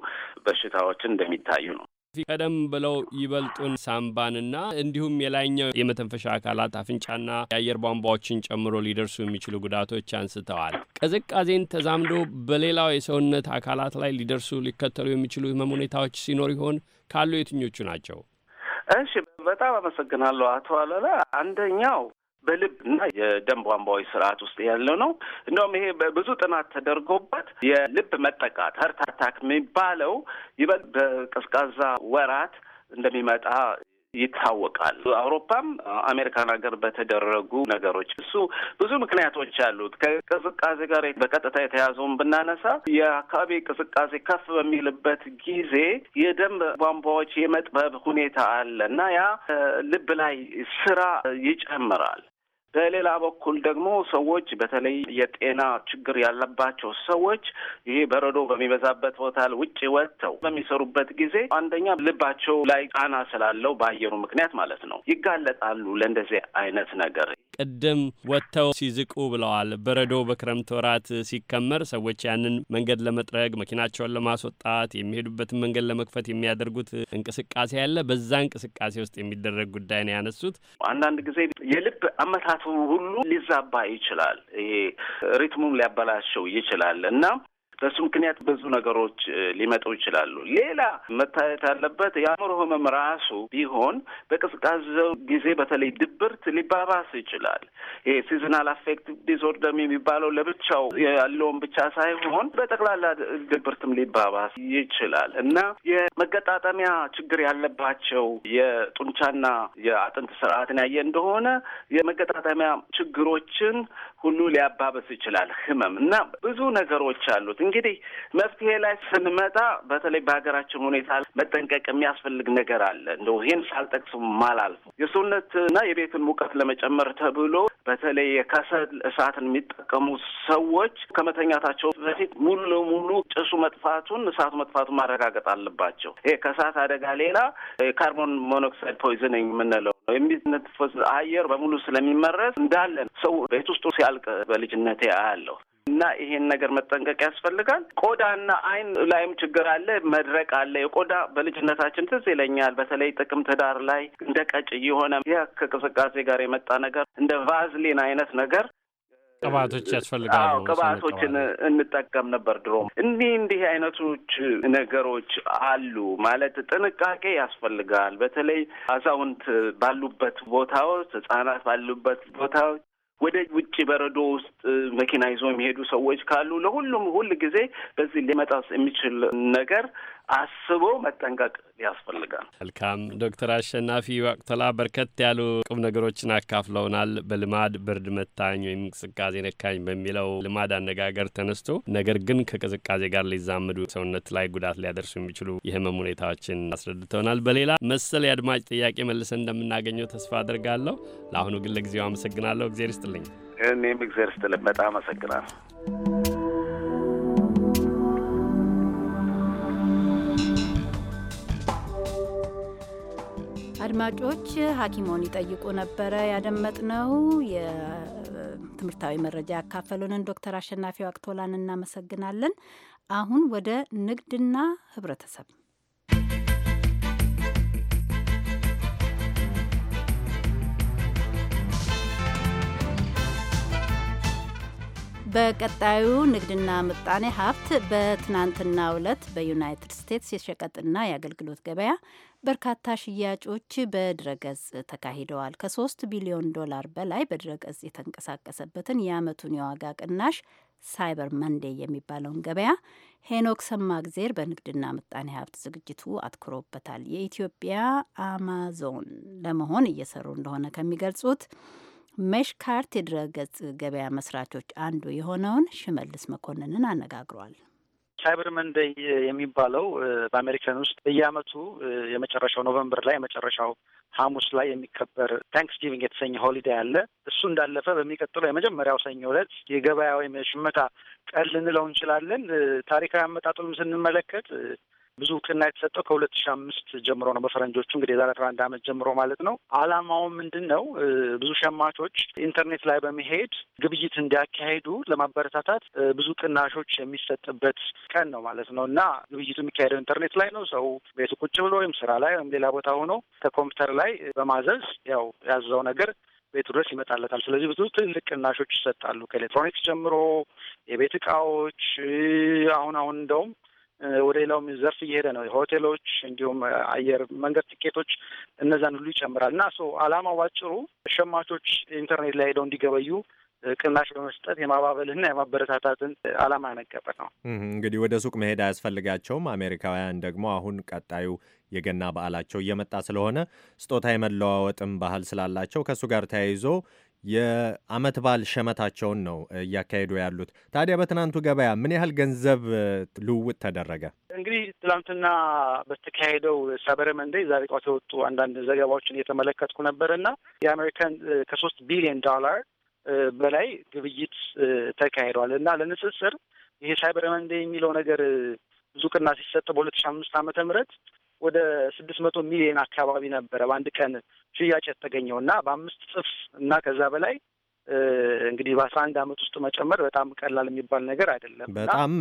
በሽታዎችን እንደሚታዩ ነው። ቀደም ብለው ይበልጡን ሳምባንና እንዲሁም የላይኛው የመተንፈሻ አካላት አፍንጫና የአየር ቧንቧዎችን ጨምሮ ሊደርሱ የሚችሉ ጉዳቶች አንስተዋል። ቅዝቃዜን ተዛምዶ በሌላው የሰውነት አካላት ላይ ሊደርሱ ሊከተሉ የሚችሉ ህመም ሁኔታዎች ሲኖር ይሆን? ካሉ የትኞቹ ናቸው? እሺ፣ በጣም አመሰግናለሁ አቶ አለላ። አንደኛው በልብ እና የደም ቧንቧዊ ስርዓት ውስጥ ያለው ነው። እንደውም ይሄ ብዙ ጥናት ተደርጎበት የልብ መጠቃት ሀርት አታክ የሚባለው ይበል በቀዝቃዛ ወራት እንደሚመጣ ይታወቃል። አውሮፓም አሜሪካን ሀገር በተደረጉ ነገሮች እሱ ብዙ ምክንያቶች አሉት። ከቅዝቃዜ ጋር በቀጥታ የተያዘውን ብናነሳ የአካባቢ ቅዝቃዜ ከፍ በሚልበት ጊዜ የደም ቧንቧዎች የመጥበብ ሁኔታ አለ እና ያ ልብ ላይ ስራ ይጨምራል። በሌላ በኩል ደግሞ ሰዎች በተለይ የጤና ችግር ያለባቸው ሰዎች ይሄ በረዶ በሚበዛበት ቦታ ውጭ ወጥተው በሚሰሩበት ጊዜ አንደኛ ልባቸው ላይ ጫና ስላለው በአየሩ ምክንያት ማለት ነው ይጋለጣሉ ለእንደዚህ አይነት ነገር። ቅድም ወጥተው ሲዝቁ ብለዋል። በረዶ በክረምት ወራት ሲከመር ሰዎች ያንን መንገድ ለመጥረግ መኪናቸውን ለማስወጣት የሚሄዱበትን መንገድ ለመክፈት የሚያደርጉት እንቅስቃሴ ያለ በዛ እንቅስቃሴ ውስጥ የሚደረግ ጉዳይ ነው ያነሱት። አንዳንድ ጊዜ የልብ አመታት ሁሉ ሊዛባ ይችላል። ይሄ ሪትሙም ሊያበላሸው ይችላል እና በሱ ምክንያት ብዙ ነገሮች ሊመጡ ይችላሉ። ሌላ መታየት ያለበት የአእምሮ ህመም ራሱ ቢሆን በቅዝቃዜው ጊዜ በተለይ ድብርት ሊባባስ ይችላል። ይሄ ሲዝናል አፌክቲቭ ዲስኦርደር የሚባለው ለብቻው ያለውን ብቻ ሳይሆን በጠቅላላ ድብርትም ሊባባስ ይችላል እና የመገጣጠሚያ ችግር ያለባቸው የጡንቻና የአጥንት ስርዓትን ያየ እንደሆነ የመገጣጠሚያ ችግሮችን ሁሉ ሊያባበስ ይችላል ህመም እና ብዙ ነገሮች አሉት። እንግዲህ መፍትሄ ላይ ስንመጣ በተለይ በሀገራችን ሁኔታ መጠንቀቅ የሚያስፈልግ ነገር አለ። እንደው ይህን ሳልጠቅስ ማላልፍ የሰውነትና የቤትን ሙቀት ለመጨመር ተብሎ በተለይ የከሰል እሳትን የሚጠቀሙ ሰዎች ከመተኛታቸው በፊት ሙሉ ለሙሉ ጭሱ መጥፋቱን፣ እሳቱ መጥፋቱን ማረጋገጥ አለባቸው። ይሄ ከእሳት አደጋ ሌላ የካርቦን ሞኖክሳይድ ፖይዝኒንግ የምንለው የሚነፈስ አየር በሙሉ ስለሚመረስ እንዳለን ሰው ቤት ውስጡ ሲያልቅ በልጅነቴ አያለሁ። እና ይሄን ነገር መጠንቀቅ ያስፈልጋል። ቆዳና አይን ላይም ችግር አለ፣ መድረቅ አለ። የቆዳ በልጅነታችን ትዝ ይለኛል፣ በተለይ ጥቅምት ዳር ላይ እንደ ቀጭ የሆነ ይህ ከቅስቃሴ ጋር የመጣ ነገር እንደ ቫዝሊን አይነት ነገር ቅባቶች ያስፈልጋሉ። ቅባቶችን እንጠቀም ነበር ድሮ። እንዲህ እንዲህ አይነቶች ነገሮች አሉ ማለት ጥንቃቄ ያስፈልጋል። በተለይ አዛውንት ባሉበት ቦታዎች፣ ህጻናት ባሉበት ቦታዎች ወደ ውጭ በረዶ ውስጥ መኪና ይዞ የሚሄዱ ሰዎች ካሉ ለሁሉም ሁል ጊዜ በዚህ ሊመጣ የሚችል ነገር አስቦ መጠንቀቅ ያስፈልጋል። መልካም ዶክተር አሸናፊ ዋቅቶላ በርከት ያሉ ቁም ነገሮችን አካፍለውናል። በልማድ ብርድ መታኝ ወይም ቅዝቃዜ ነካኝ በሚለው ልማድ አነጋገር ተነስቶ ነገር ግን ከቅዝቃዜ ጋር ሊዛመዱ ሰውነት ላይ ጉዳት ሊያደርሱ የሚችሉ የህመም ሁኔታዎችን አስረድተውናል። በሌላ መሰል የአድማጭ ጥያቄ መልሰን እንደምናገኘው ተስፋ አድርጋለሁ። ለአሁኑ ግን ለጊዜው አመሰግናለሁ። እግዜር ይስጥልኝ። እኔም እግዜር ይስጥልኝ። በጣም አመሰግናለሁ። አድማጮች ሐኪሞን ይጠይቁ ነበረ ያደመጥነው። የትምህርታዊ መረጃ ያካፈሉንን ዶክተር አሸናፊ ዋቅቶላን እናመሰግናለን። አሁን ወደ ንግድና ህብረተሰብ በቀጣዩ ንግድና ምጣኔ ሀብት በትናንትናው ዕለት በዩናይትድ ስቴትስ የሸቀጥና የአገልግሎት ገበያ በርካታ ሽያጮች በድረገጽ ተካሂደዋል። ከሶስት ቢሊዮን ዶላር በላይ በድረገጽ የተንቀሳቀሰበትን የአመቱን የዋጋ ቅናሽ ሳይበር መንዴ የሚባለውን ገበያ ሄኖክ ሰማግዜር በንግድና ምጣኔ ሀብት ዝግጅቱ አትኩሮበታል። የኢትዮጵያ አማዞን ለመሆን እየሰሩ እንደሆነ ከሚገልጹት ሜሽካርት የድረገጽ ገበያ መስራቾች አንዱ የሆነውን ሽመልስ መኮንንን አነጋግሯል። ሳይበር መንደይ የሚባለው በአሜሪካን ውስጥ በየአመቱ የመጨረሻው ኖቨምበር ላይ የመጨረሻው ሐሙስ ላይ የሚከበር ታንክስ ጊቪንግ የተሰኘ ሆሊዴይ አለ። እሱ እንዳለፈ በሚቀጥለው የመጀመሪያው ሰኞ ዕለት የገበያ ወይም የሽመታ ቀን ልንለው እንችላለን። ታሪካዊ አመጣጡንም ስንመለከት ብዙ እውቅና የተሰጠው ከሁለት ሺ አምስት ጀምሮ ነው በፈረንጆቹ እንግዲህ የዛሬ አስራ አንድ አመት ጀምሮ ማለት ነው። አላማው ምንድን ነው? ብዙ ሸማቾች ኢንተርኔት ላይ በመሄድ ግብይት እንዲያካሄዱ ለማበረታታት ብዙ ቅናሾች የሚሰጥበት ቀን ነው ማለት ነው እና ግብይቱ የሚካሄደው ኢንተርኔት ላይ ነው። ሰው ቤቱ ቁጭ ብሎ ወይም ስራ ላይ ወይም ሌላ ቦታ ሆኖ ከኮምፒውተር ላይ በማዘዝ ያው ያዘው ነገር ቤቱ ድረስ ይመጣለታል። ስለዚህ ብዙ ትልቅ ቅናሾች ይሰጣሉ ከኤሌክትሮኒክስ ጀምሮ የቤት እቃዎች አሁን አሁን እንደውም ወደ ሌላውም ዘርፍ እየሄደ ነው። ሆቴሎች፣ እንዲሁም አየር መንገድ ትኬቶች እነዛን ሁሉ ይጨምራል እና ሶ አላማው ባጭሩ ሸማቾች ኢንተርኔት ላይ ሄደው እንዲገበዩ ቅናሽ በመስጠት የማባበልና የማበረታታትን አላማ ያነገበ ነው። እንግዲህ ወደ ሱቅ መሄድ አያስፈልጋቸውም። አሜሪካውያን ደግሞ አሁን ቀጣዩ የገና በዓላቸው እየመጣ ስለሆነ ስጦታ የመለዋወጥም ባህል ስላላቸው ከእሱ ጋር ተያይዞ የአመት በዓል ሸመታቸውን ነው እያካሄዱ ያሉት። ታዲያ በትናንቱ ገበያ ምን ያህል ገንዘብ ልውውጥ ተደረገ? እንግዲህ ትላንትና በተካሄደው ሳበረ መንደይ ዛሬ ጠዋት የወጡ አንዳንድ ዘገባዎችን እየተመለከትኩ ነበር እና የአሜሪካን ከሶስት ቢሊዮን ዶላር በላይ ግብይት ተካሂዷል እና ለንጽጽር ይሄ ሳይበር መንዴ የሚለው ነገር ብዙ ቅና ሲሰጥ በሁለት ሺ አምስት ዓመተ ምህረት ወደ ስድስት መቶ ሚሊዮን አካባቢ ነበረ በአንድ ቀን ሽያጭ የተገኘው እና በአምስት ጽፍ እና ከዛ በላይ እንግዲህ በአስራ አንድ አመት ውስጥ መጨመር በጣም ቀላል የሚባል ነገር አይደለም። በጣም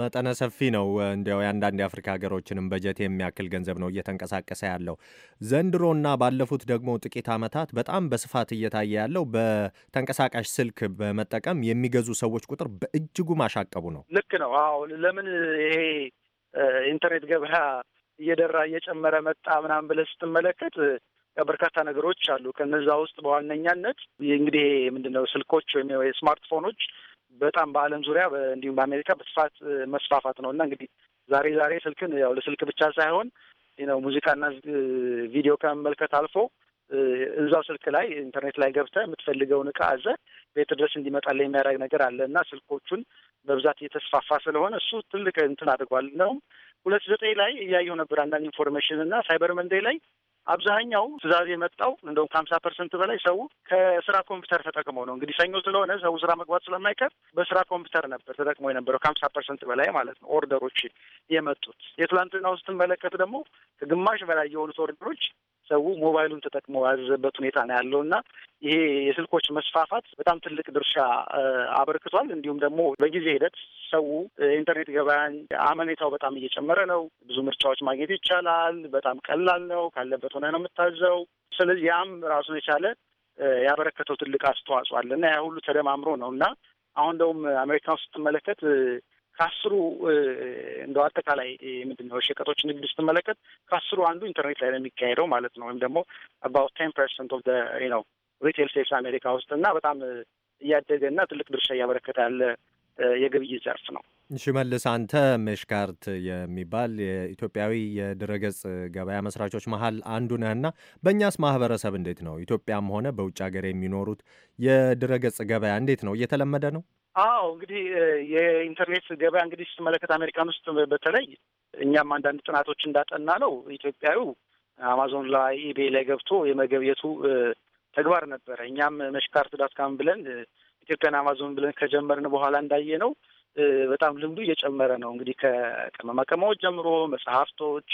መጠነ ሰፊ ነው። እንዲያው የአንዳንድ የአፍሪካ ሀገሮችንም በጀት የሚያክል ገንዘብ ነው እየተንቀሳቀሰ ያለው ዘንድሮና ባለፉት ደግሞ ጥቂት አመታት በጣም በስፋት እየታየ ያለው በተንቀሳቃሽ ስልክ በመጠቀም የሚገዙ ሰዎች ቁጥር በእጅጉ ማሻቀቡ ነው። ልክ ነው። አዎ ለምን ይሄ ኢንተርኔት ገበያ እየደራ እየጨመረ መጣ ምናምን ብለህ ስትመለከት በርካታ ነገሮች አሉ። ከነዛ ውስጥ በዋነኛነት እንግዲህ ምንድን ነው ስልኮች ወይም ስማርትፎኖች በጣም በዓለም ዙሪያ እንዲሁም በአሜሪካ በስፋት መስፋፋት ነው እና እንግዲህ ዛሬ ዛሬ ስልክን ያው ለስልክ ብቻ ሳይሆን ነው ሙዚቃና ቪዲዮ ከመመልከት አልፎ እዛው ስልክ ላይ ኢንተርኔት ላይ ገብተህ የምትፈልገውን እቃ አዘህ ቤት ድረስ እንዲመጣልህ የሚያደርግ ነገር አለ እና ስልኮቹን በብዛት እየተስፋፋ ስለሆነ እሱ ትልቅ እንትን አድርጓል። እንደውም ሁለት ዘጠኝ ላይ እያየው ነበር አንዳንድ ኢንፎርሜሽን እና ሳይበር መንዴ ላይ አብዛኛው ትእዛዝ የመጣው እንደውም ከሀምሳ ፐርሰንት በላይ ሰው ከስራ ኮምፒውተር ተጠቅሞ ነው። እንግዲህ ሰኞ ስለሆነ ሰው ስራ መግባት ስለማይቀር በስራ ኮምፒውተር ነበር ተጠቅሞ የነበረው ከሀምሳ ፐርሰንት በላይ ማለት ነው። ኦርደሮች የመጡት የትላንትና ውስጥ ደግሞ ከግማሽ በላይ የሆኑት ኦርደሮች ሰው ሞባይሉን ተጠቅሞ ያዘዘበት ሁኔታ ነው ያለው እና ይሄ የስልኮች መስፋፋት በጣም ትልቅ ድርሻ አበርክቷል። እንዲሁም ደግሞ በጊዜ ሂደት ሰው ኢንተርኔት ገበያን አመኔታው በጣም እየጨመረ ነው። ብዙ ምርጫዎች ማግኘት ይቻላል። በጣም ቀላል ነው። ካለበት ሆነ ነው የምታዘው። ስለዚህ ያም ራሱን የቻለ ያበረከተው ትልቅ አስተዋጽኦ አለ እና ያ ሁሉ ተደማምሮ ነው እና አሁን ደውም አሜሪካ ውስጥ ስትመለከት ከአስሩ እንደው አጠቃላይ ምንድን ነው ሸቀጦች ንግድ ስትመለከት ከአስሩ አንዱ ኢንተርኔት ላይ ነው የሚካሄደው ማለት ነው። ወይም ደግሞ አባውት ቴን ፐርሰንት ኦፍ ነው ሪቴል ሴልስ አሜሪካ ውስጥ እና በጣም እያደገና ትልቅ ድርሻ እያበረከተ ያለ የግብይት ዘርፍ ነው። ሽመልስ አንተ መሽካርት የሚባል የኢትዮጵያዊ የድረገጽ ገበያ መስራቾች መሀል አንዱ ነህና በእኛስ ማህበረሰብ እንዴት ነው ኢትዮጵያም ሆነ በውጭ ሀገር የሚኖሩት የድረገጽ ገበያ እንዴት ነው? እየተለመደ ነው? አዎ እንግዲህ የኢንተርኔት ገበያ እንግዲህ ስትመለከት አሜሪካን ውስጥ በተለይ እኛም አንዳንድ ጥናቶች እንዳጠና ነው ኢትዮጵያዊ አማዞን ላይ ኢቤይ ላይ ገብቶ የመገብየቱ ተግባር ነበረ። እኛም መሽካርት ዳትካም ብለን ኢትዮጵያን አማዞን ብለን ከጀመርን በኋላ እንዳየ ነው በጣም ልምዱ እየጨመረ ነው። እንግዲህ ከቅመማ ቅመሞች ጀምሮ መጽሐፍቶች፣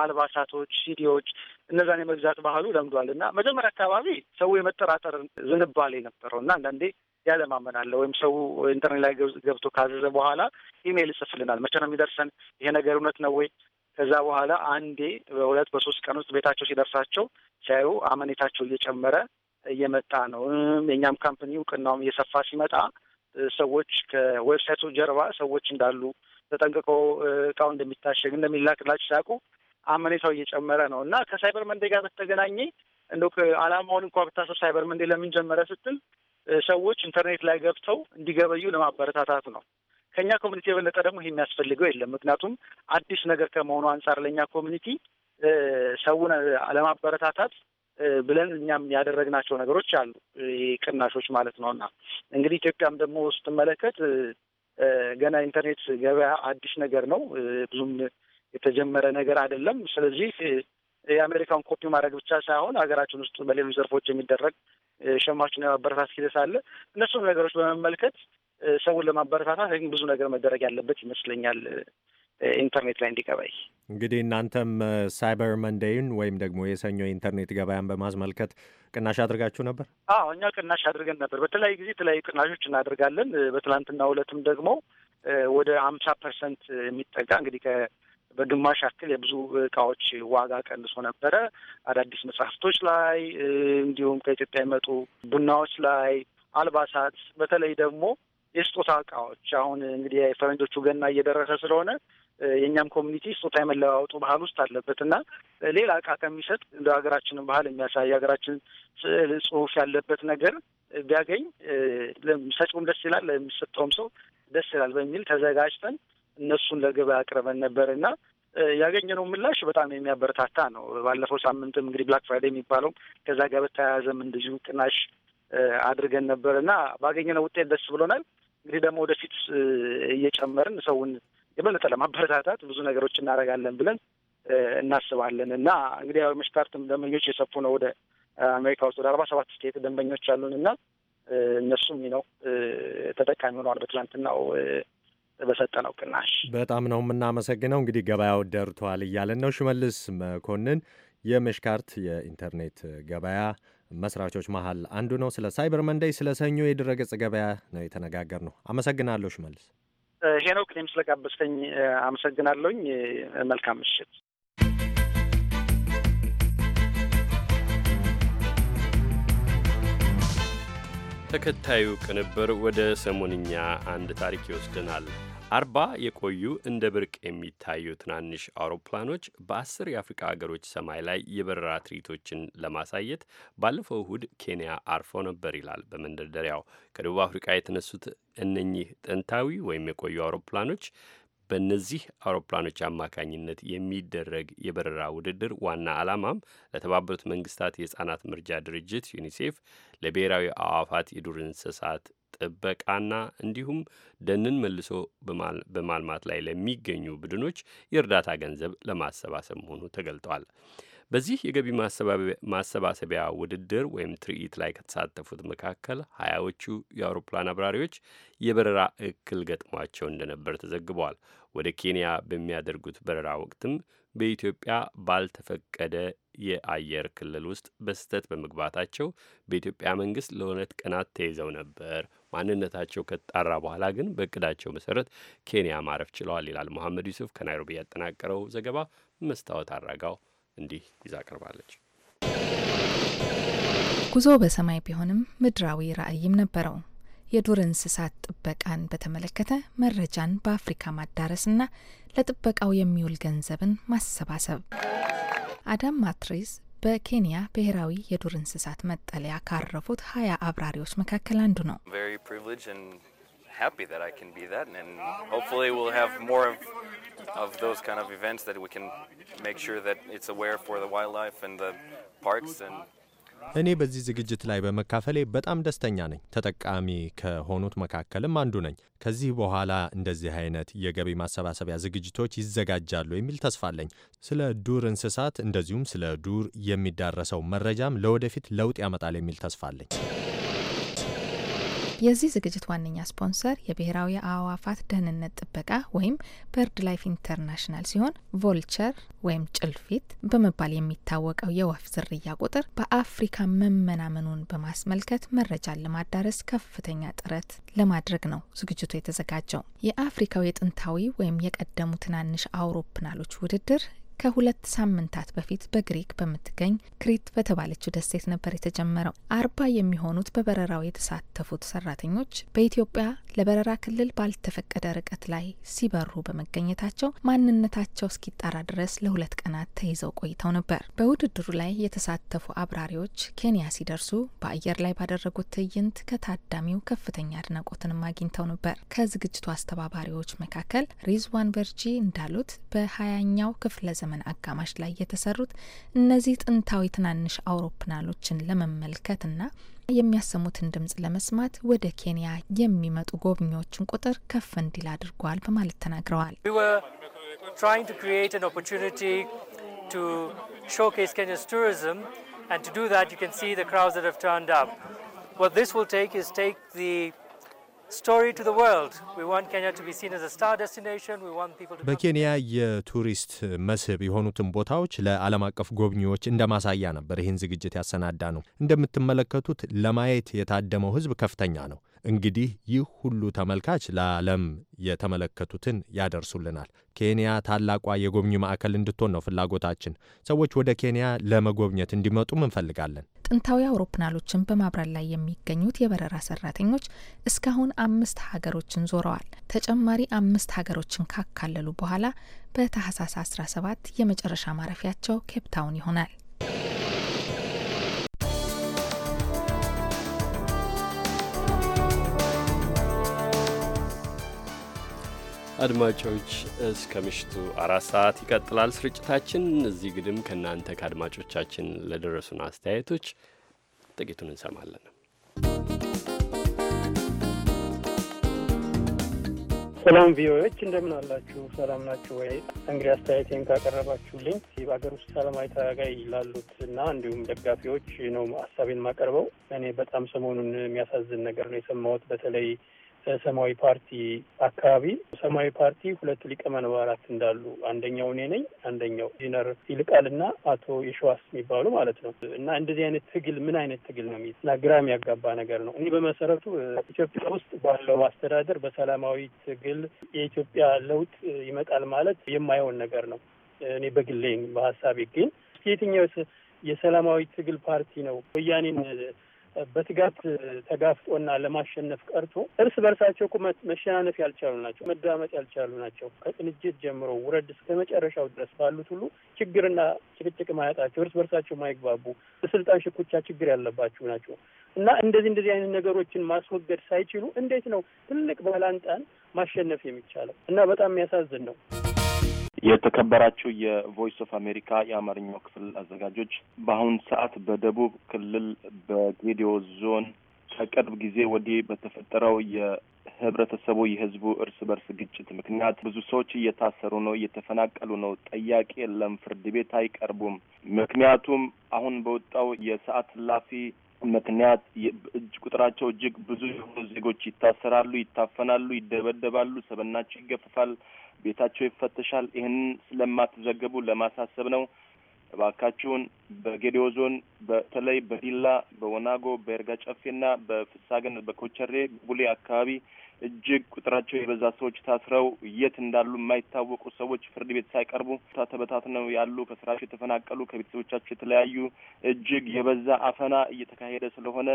አልባሳቶች፣ ሲዲዎች እነዛን የመግዛት ባህሉ ለምዷል እና መጀመሪያ አካባቢ ሰው የመጠራጠር ዝንባሌ ነበረው እና አንዳንዴ ያለማመን አለ። ወይም ሰው ኢንተርኔት ላይ ገብቶ ካዘዘ በኋላ ኢሜይል ይጽፍልናል። መቼ ነው የሚደርሰን? ይሄ ነገር እውነት ነው ወይ? ከዛ በኋላ አንዴ በሁለት በሶስት ቀን ውስጥ ቤታቸው ሲደርሳቸው ሲያዩ አመኔታቸው እየጨመረ እየመጣ ነው። የእኛም ካምፕኒ እውቅናውም እየሰፋ ሲመጣ ሰዎች ከዌብሳይቱ ጀርባ ሰዎች እንዳሉ ተጠንቅቆ እቃው እንደሚታሸግ እንደሚላክላቸው ሲያውቁ አመኔታው እየጨመረ ነው እና ከሳይበር መንደጋ በተገናኘ እንደው አላማውን እንኳ ብታሰብ ሳይበር መንዴ ለምን ጀመረ ስትል ሰዎች ኢንተርኔት ላይ ገብተው እንዲገበዩ ለማበረታታት ነው። ከእኛ ኮሚኒቲ የበለጠ ደግሞ ይሄ የሚያስፈልገው የለም። ምክንያቱም አዲስ ነገር ከመሆኑ አንጻር ለእኛ ኮሚኒቲ ሰውን ለማበረታታት ብለን እኛም ያደረግናቸው ነገሮች አሉ፣ ቅናሾች ማለት ነው። እና እንግዲህ ኢትዮጵያም ደግሞ ስትመለከት ገና ኢንተርኔት ገበያ አዲስ ነገር ነው፣ ብዙም የተጀመረ ነገር አይደለም። ስለዚህ የአሜሪካን ኮፒ ማድረግ ብቻ ሳይሆን ሀገራችን ውስጥ በሌሎች ዘርፎች የሚደረግ ሸማችን የማበረታት ሂደት አለ። እነሱም ነገሮች በመመልከት ሰውን ለማበረታታት ብዙ ነገር መደረግ ያለበት ይመስለኛል። ኢንተርኔት ላይ እንዲገባይ እንግዲህ እናንተም ሳይበር መንዴይን ወይም ደግሞ የሰኞ ኢንተርኔት ገበያን በማስመልከት ቅናሽ አድርጋችሁ ነበር? አዎ እኛ ቅናሽ አድርገን ነበር። በተለያዩ ጊዜ የተለያዩ ቅናሾች እናደርጋለን። በትናንትና ዕለትም ደግሞ ወደ አምሳ ፐርሰንት የሚጠጋ እንግዲህ በግማሽ ያክል የብዙ እቃዎች ዋጋ ቀንሶ ነበረ። አዳዲስ መጽሐፍቶች ላይ እንዲሁም ከኢትዮጵያ የመጡ ቡናዎች ላይ፣ አልባሳት፣ በተለይ ደግሞ የስጦታ እቃዎች አሁን እንግዲህ የፈረንጆቹ ገና እየደረሰ ስለሆነ የእኛም ኮሚኒቲ ስጦታ የመለዋወጡ ባህል ውስጥ አለበት እና ሌላ እቃ ከሚሰጥ እንደ ሀገራችንን ባህል የሚያሳይ ሀገራችን ስዕል፣ ያለበት ነገር ቢያገኝ ሰጪውም ደስ ይላል፣ የሚሰጠውም ሰው ደስ ይላል በሚል ተዘጋጅተን እነሱን ለገበያ አቅርበን ነበር እና ያገኘነው ምላሽ በጣም የሚያበረታታ ነው። ባለፈው ሳምንትም እንግዲህ ብላክ ፍራይዴ የሚባለው ከዛ ጋር በተያያዘም እንደዚሁ ቅናሽ አድርገን ነበር እና ባገኘነው ውጤት ደስ ብሎናል። እንግዲህ ደግሞ ወደፊት እየጨመርን ሰውን የበለጠ ለማበረታታት ብዙ ነገሮች እናደርጋለን ብለን እናስባለን እና እንግዲህ ያው መሽታርትም ደንበኞች የሰፉ ነው። ወደ አሜሪካ ውስጥ ወደ አርባ ሰባት ስቴት ደንበኞች አሉን እና እነሱም ነው ተጠቃሚ ሆነዋል በትላንትናው በሰጠነው ቅናሽ በጣም ነው የምናመሰግነው። እንግዲህ ገበያው ደርቷል እያለን ነው። ሽመልስ መኮንን የመሽካርት የኢንተርኔት ገበያ መስራቾች መሀል አንዱ ነው። ስለ ሳይበር መንደይ፣ ስለ ሰኞ የድረገጽ ገበያ ነው የተነጋገር ነው። አመሰግናለሁ ሽመልስ። ሄኖክ፣ እኔም ስለጋበዝከኝ አመሰግናለሁኝ። መልካም ምሽት። ተከታዩ ቅንብር ወደ ሰሞንኛ አንድ ታሪክ ይወስደናል። አርባ የቆዩ እንደ ብርቅ የሚታዩ ትናንሽ አውሮፕላኖች በአስር የአፍሪካ ሀገሮች ሰማይ ላይ የበረራ ትርኢቶችን ለማሳየት ባለፈው እሁድ ኬንያ አርፎ ነበር ይላል በመንደርደሪያው። ከደቡብ አፍሪካ የተነሱት እነኚህ ጥንታዊ ወይም የቆዩ አውሮፕላኖች በእነዚህ አውሮፕላኖች አማካኝነት የሚደረግ የበረራ ውድድር ዋና ዓላማም ለተባበሩት መንግስታት የሕፃናት መርጃ ድርጅት ዩኒሴፍ፣ ለብሔራዊ አዕዋፋት የዱር እንስሳት ጥበቃና እንዲሁም ደንን መልሶ በማልማት ላይ ለሚገኙ ቡድኖች የእርዳታ ገንዘብ ለማሰባሰብ መሆኑ ተገልጧል። በዚህ የገቢ ማሰባሰቢያ ውድድር ወይም ትርኢት ላይ ከተሳተፉት መካከል ሀያዎቹ የአውሮፕላን አብራሪዎች የበረራ እክል ገጥሟቸው እንደነበር ተዘግበዋል። ወደ ኬንያ በሚያደርጉት በረራ ወቅትም በኢትዮጵያ ባልተፈቀደ የአየር ክልል ውስጥ በስህተት በመግባታቸው በኢትዮጵያ መንግስት ለሁለት ቀናት ተይዘው ነበር። ማንነታቸው ከጣራ በኋላ ግን በእቅዳቸው መሰረት ኬንያ ማረፍ ችለዋል ይላል መሐመድ ዩሱፍ ከናይሮቢ ያጠናቀረው ዘገባ። መስታወት አራጋው እንዲህ ይዛ ቀርባለች። ጉዞ በሰማይ ቢሆንም ምድራዊ ራዕይም ነበረው። የዱር እንስሳት ጥበቃን በተመለከተ መረጃን በአፍሪካ ማዳረስና ለጥበቃው የሚውል ገንዘብን ማሰባሰብ። አዳም ማትሬዝ በኬንያ ብሔራዊ የዱር እንስሳት መጠለያ ካረፉት ሀያ አብራሪዎች መካከል አንዱ ነው። happy that I can be that, and hopefully we'll have more of of those kind of events that we can make sure that it's aware for the wildlife and the parks and እኔ በዚህ ዝግጅት ላይ በመካፈሌ በጣም ደስተኛ ነኝ። ተጠቃሚ ከሆኑት መካከልም አንዱ ነኝ። ከዚህ በኋላ እንደዚህ አይነት የገቢ ማሰባሰቢያ ዝግጅቶች ይዘጋጃሉ የሚል ተስፋ አለኝ። ስለ ዱር እንስሳት እንደዚሁም ስለ ዱር የሚዳረሰው መረጃም ለወደፊት ለውጥ ያመጣል የሚል ተስፋ አለኝ። የዚህ ዝግጅት ዋነኛ ስፖንሰር የብሔራዊ አእዋፋት ደህንነት ጥበቃ ወይም በርድ ላይፍ ኢንተርናሽናል ሲሆን ቮልቸር ወይም ጭልፊት በመባል የሚታወቀው የወፍ ዝርያ ቁጥር በአፍሪካ መመናመኑን በማስመልከት መረጃን ለማዳረስ ከፍተኛ ጥረት ለማድረግ ነው ዝግጅቱ የተዘጋጀው። የአፍሪካው የጥንታዊ ወይም የቀደሙ ትናንሽ አውሮፕላኖች ውድድር ከሁለት ሳምንታት በፊት በግሪክ በምትገኝ ክሪት በተባለችው ደሴት ነበር የተጀመረው። አርባ የሚሆኑት በበረራው የተሳተፉት ሰራተኞች በኢትዮጵያ ለበረራ ክልል ባልተፈቀደ ርቀት ላይ ሲበሩ በመገኘታቸው ማንነታቸው እስኪጣራ ድረስ ለሁለት ቀናት ተይዘው ቆይተው ነበር። በውድድሩ ላይ የተሳተፉ አብራሪዎች ኬንያ ሲደርሱ በአየር ላይ ባደረጉት ትዕይንት ከታዳሚው ከፍተኛ አድናቆትንም አግኝተው ነበር። ከዝግጅቱ አስተባባሪዎች መካከል ሪዝዋን በርጂ እንዳሉት በሀያኛው ክፍለ ዘመን አጋማሽ ላይ የተሰሩት እነዚህ ጥንታዊ ትናንሽ አውሮፕላኖችን ለመመልከትና የሚያሰሙትን ድምጽ ለመስማት ወደ ኬንያ የሚመጡ ጎብኚዎችን ቁጥር ከፍ እንዲል አድርጓል በማለት ተናግረዋል። ቱሪዝም በኬንያ የቱሪስት መስህብ የሆኑትን ቦታዎች ለዓለም አቀፍ ጎብኚዎች እንደ ማሳያ ነበር ይህን ዝግጅት ያሰናዳ ነው። እንደምትመለከቱት ለማየት የታደመው ህዝብ ከፍተኛ ነው። እንግዲህ ይህ ሁሉ ተመልካች ለዓለም የተመለከቱትን ያደርሱልናል። ኬንያ ታላቋ የጎብኚ ማዕከል እንድትሆን ነው ፍላጎታችን። ሰዎች ወደ ኬንያ ለመጎብኘት እንዲመጡም እንፈልጋለን። ጥንታዊ አውሮፕላኖችን በማብራት ላይ የሚገኙት የበረራ ሰራተኞች እስካሁን አምስት ሀገሮችን ዞረዋል። ተጨማሪ አምስት ሀገሮችን ካካለሉ በኋላ በታህሳስ 17 የመጨረሻ ማረፊያቸው ኬፕታውን ይሆናል። አድማጮች እስከ ምሽቱ አራት ሰዓት ይቀጥላል ስርጭታችን። እዚህ ግድም ከእናንተ ከአድማጮቻችን ለደረሱን አስተያየቶች ጥቂቱን እንሰማለን። ሰላም ቪኦኤዎች እንደምን አላችሁ? ሰላም ናችሁ ወይ? እንግዲህ አስተያየቴን ካቀረባችሁልኝ በሀገር ውስጥ ሰላማዊ ታጋይ ላሉት እና እንዲሁም ደጋፊዎች ነው ሀሳቤን ማቀርበው። እኔ በጣም ሰሞኑን የሚያሳዝን ነገር ነው የሰማሁት በተለይ ሰማያዊ ፓርቲ አካባቢ ሰማያዊ ፓርቲ ሁለት ሊቀመንበራት እንዳሉ አንደኛው እኔ ነኝ፣ አንደኛው ኢንጂነር ይልቃልና አቶ የሸዋስ የሚባሉ ማለት ነው። እና እንደዚህ አይነት ትግል ምን አይነት ትግል ነው የሚል እና ግራ ነገር ነው። እኔ በመሰረቱ ኢትዮጵያ ውስጥ ባለው አስተዳደር በሰላማዊ ትግል የኢትዮጵያ ለውጥ ይመጣል ማለት የማየውን ነገር ነው። እኔ በግሌ በሀሳቤ ግን የትኛው የሰላማዊ ትግል ፓርቲ ነው ወያኔን በትጋት ተጋፍጦና ለማሸነፍ ቀርቶ እርስ በርሳቸው እኮ መሸናነፍ ያልቻሉ ናቸው፣ መዳመጥ ያልቻሉ ናቸው። ከቅንጅት ጀምሮ ውረድ እስከ መጨረሻው ድረስ ባሉት ሁሉ ችግርና ጭቅጭቅ ማያጣቸው፣ እርስ በርሳቸው ማይግባቡ፣ በስልጣን ሽኩቻ ችግር ያለባቸው ናቸው እና እንደዚህ እንደዚህ አይነት ነገሮችን ማስወገድ ሳይችሉ እንዴት ነው ትልቅ ባላንጣን ማሸነፍ የሚቻለው? እና በጣም የሚያሳዝን ነው። የተከበራችሁ የቮይስ ኦፍ አሜሪካ የአማርኛው ክፍል አዘጋጆች በአሁኑ ሰዓት በደቡብ ክልል በጌዲዮ ዞን ከቅርብ ጊዜ ወዲህ በተፈጠረው የህብረተሰቡ የህዝቡ እርስ በርስ ግጭት ምክንያት ብዙ ሰዎች እየታሰሩ ነው፣ እየተፈናቀሉ ነው። ጠያቂ የለም፣ ፍርድ ቤት አይቀርቡም። ምክንያቱም አሁን በወጣው የሰዓት ላፊ ምክንያት እጅ ቁጥራቸው እጅግ ብዙ የሆኑ ዜጎች ይታሰራሉ፣ ይታፈናሉ፣ ይደበደባሉ፣ ሰብናቸው ይገፍፋል። ቤታቸው ይፈተሻል። ይህንን ስለማትዘገቡ ለማሳሰብ ነው። እባካችሁን በጌዲዮ ዞን በተለይ በዲላ፣ በወናጎ፣ በኤርጋ ጨፌና በፍሳገን በኮቸሬ ቡሌ አካባቢ እጅግ ቁጥራቸው የበዛ ሰዎች ታስረው የት እንዳሉ የማይታወቁ ሰዎች ፍርድ ቤት ሳይቀርቡ ተበታትነው ያሉ፣ ከስራቸው የተፈናቀሉ፣ ከቤተሰቦቻቸው የተለያዩ እጅግ የበዛ አፈና እየተካሄደ ስለሆነ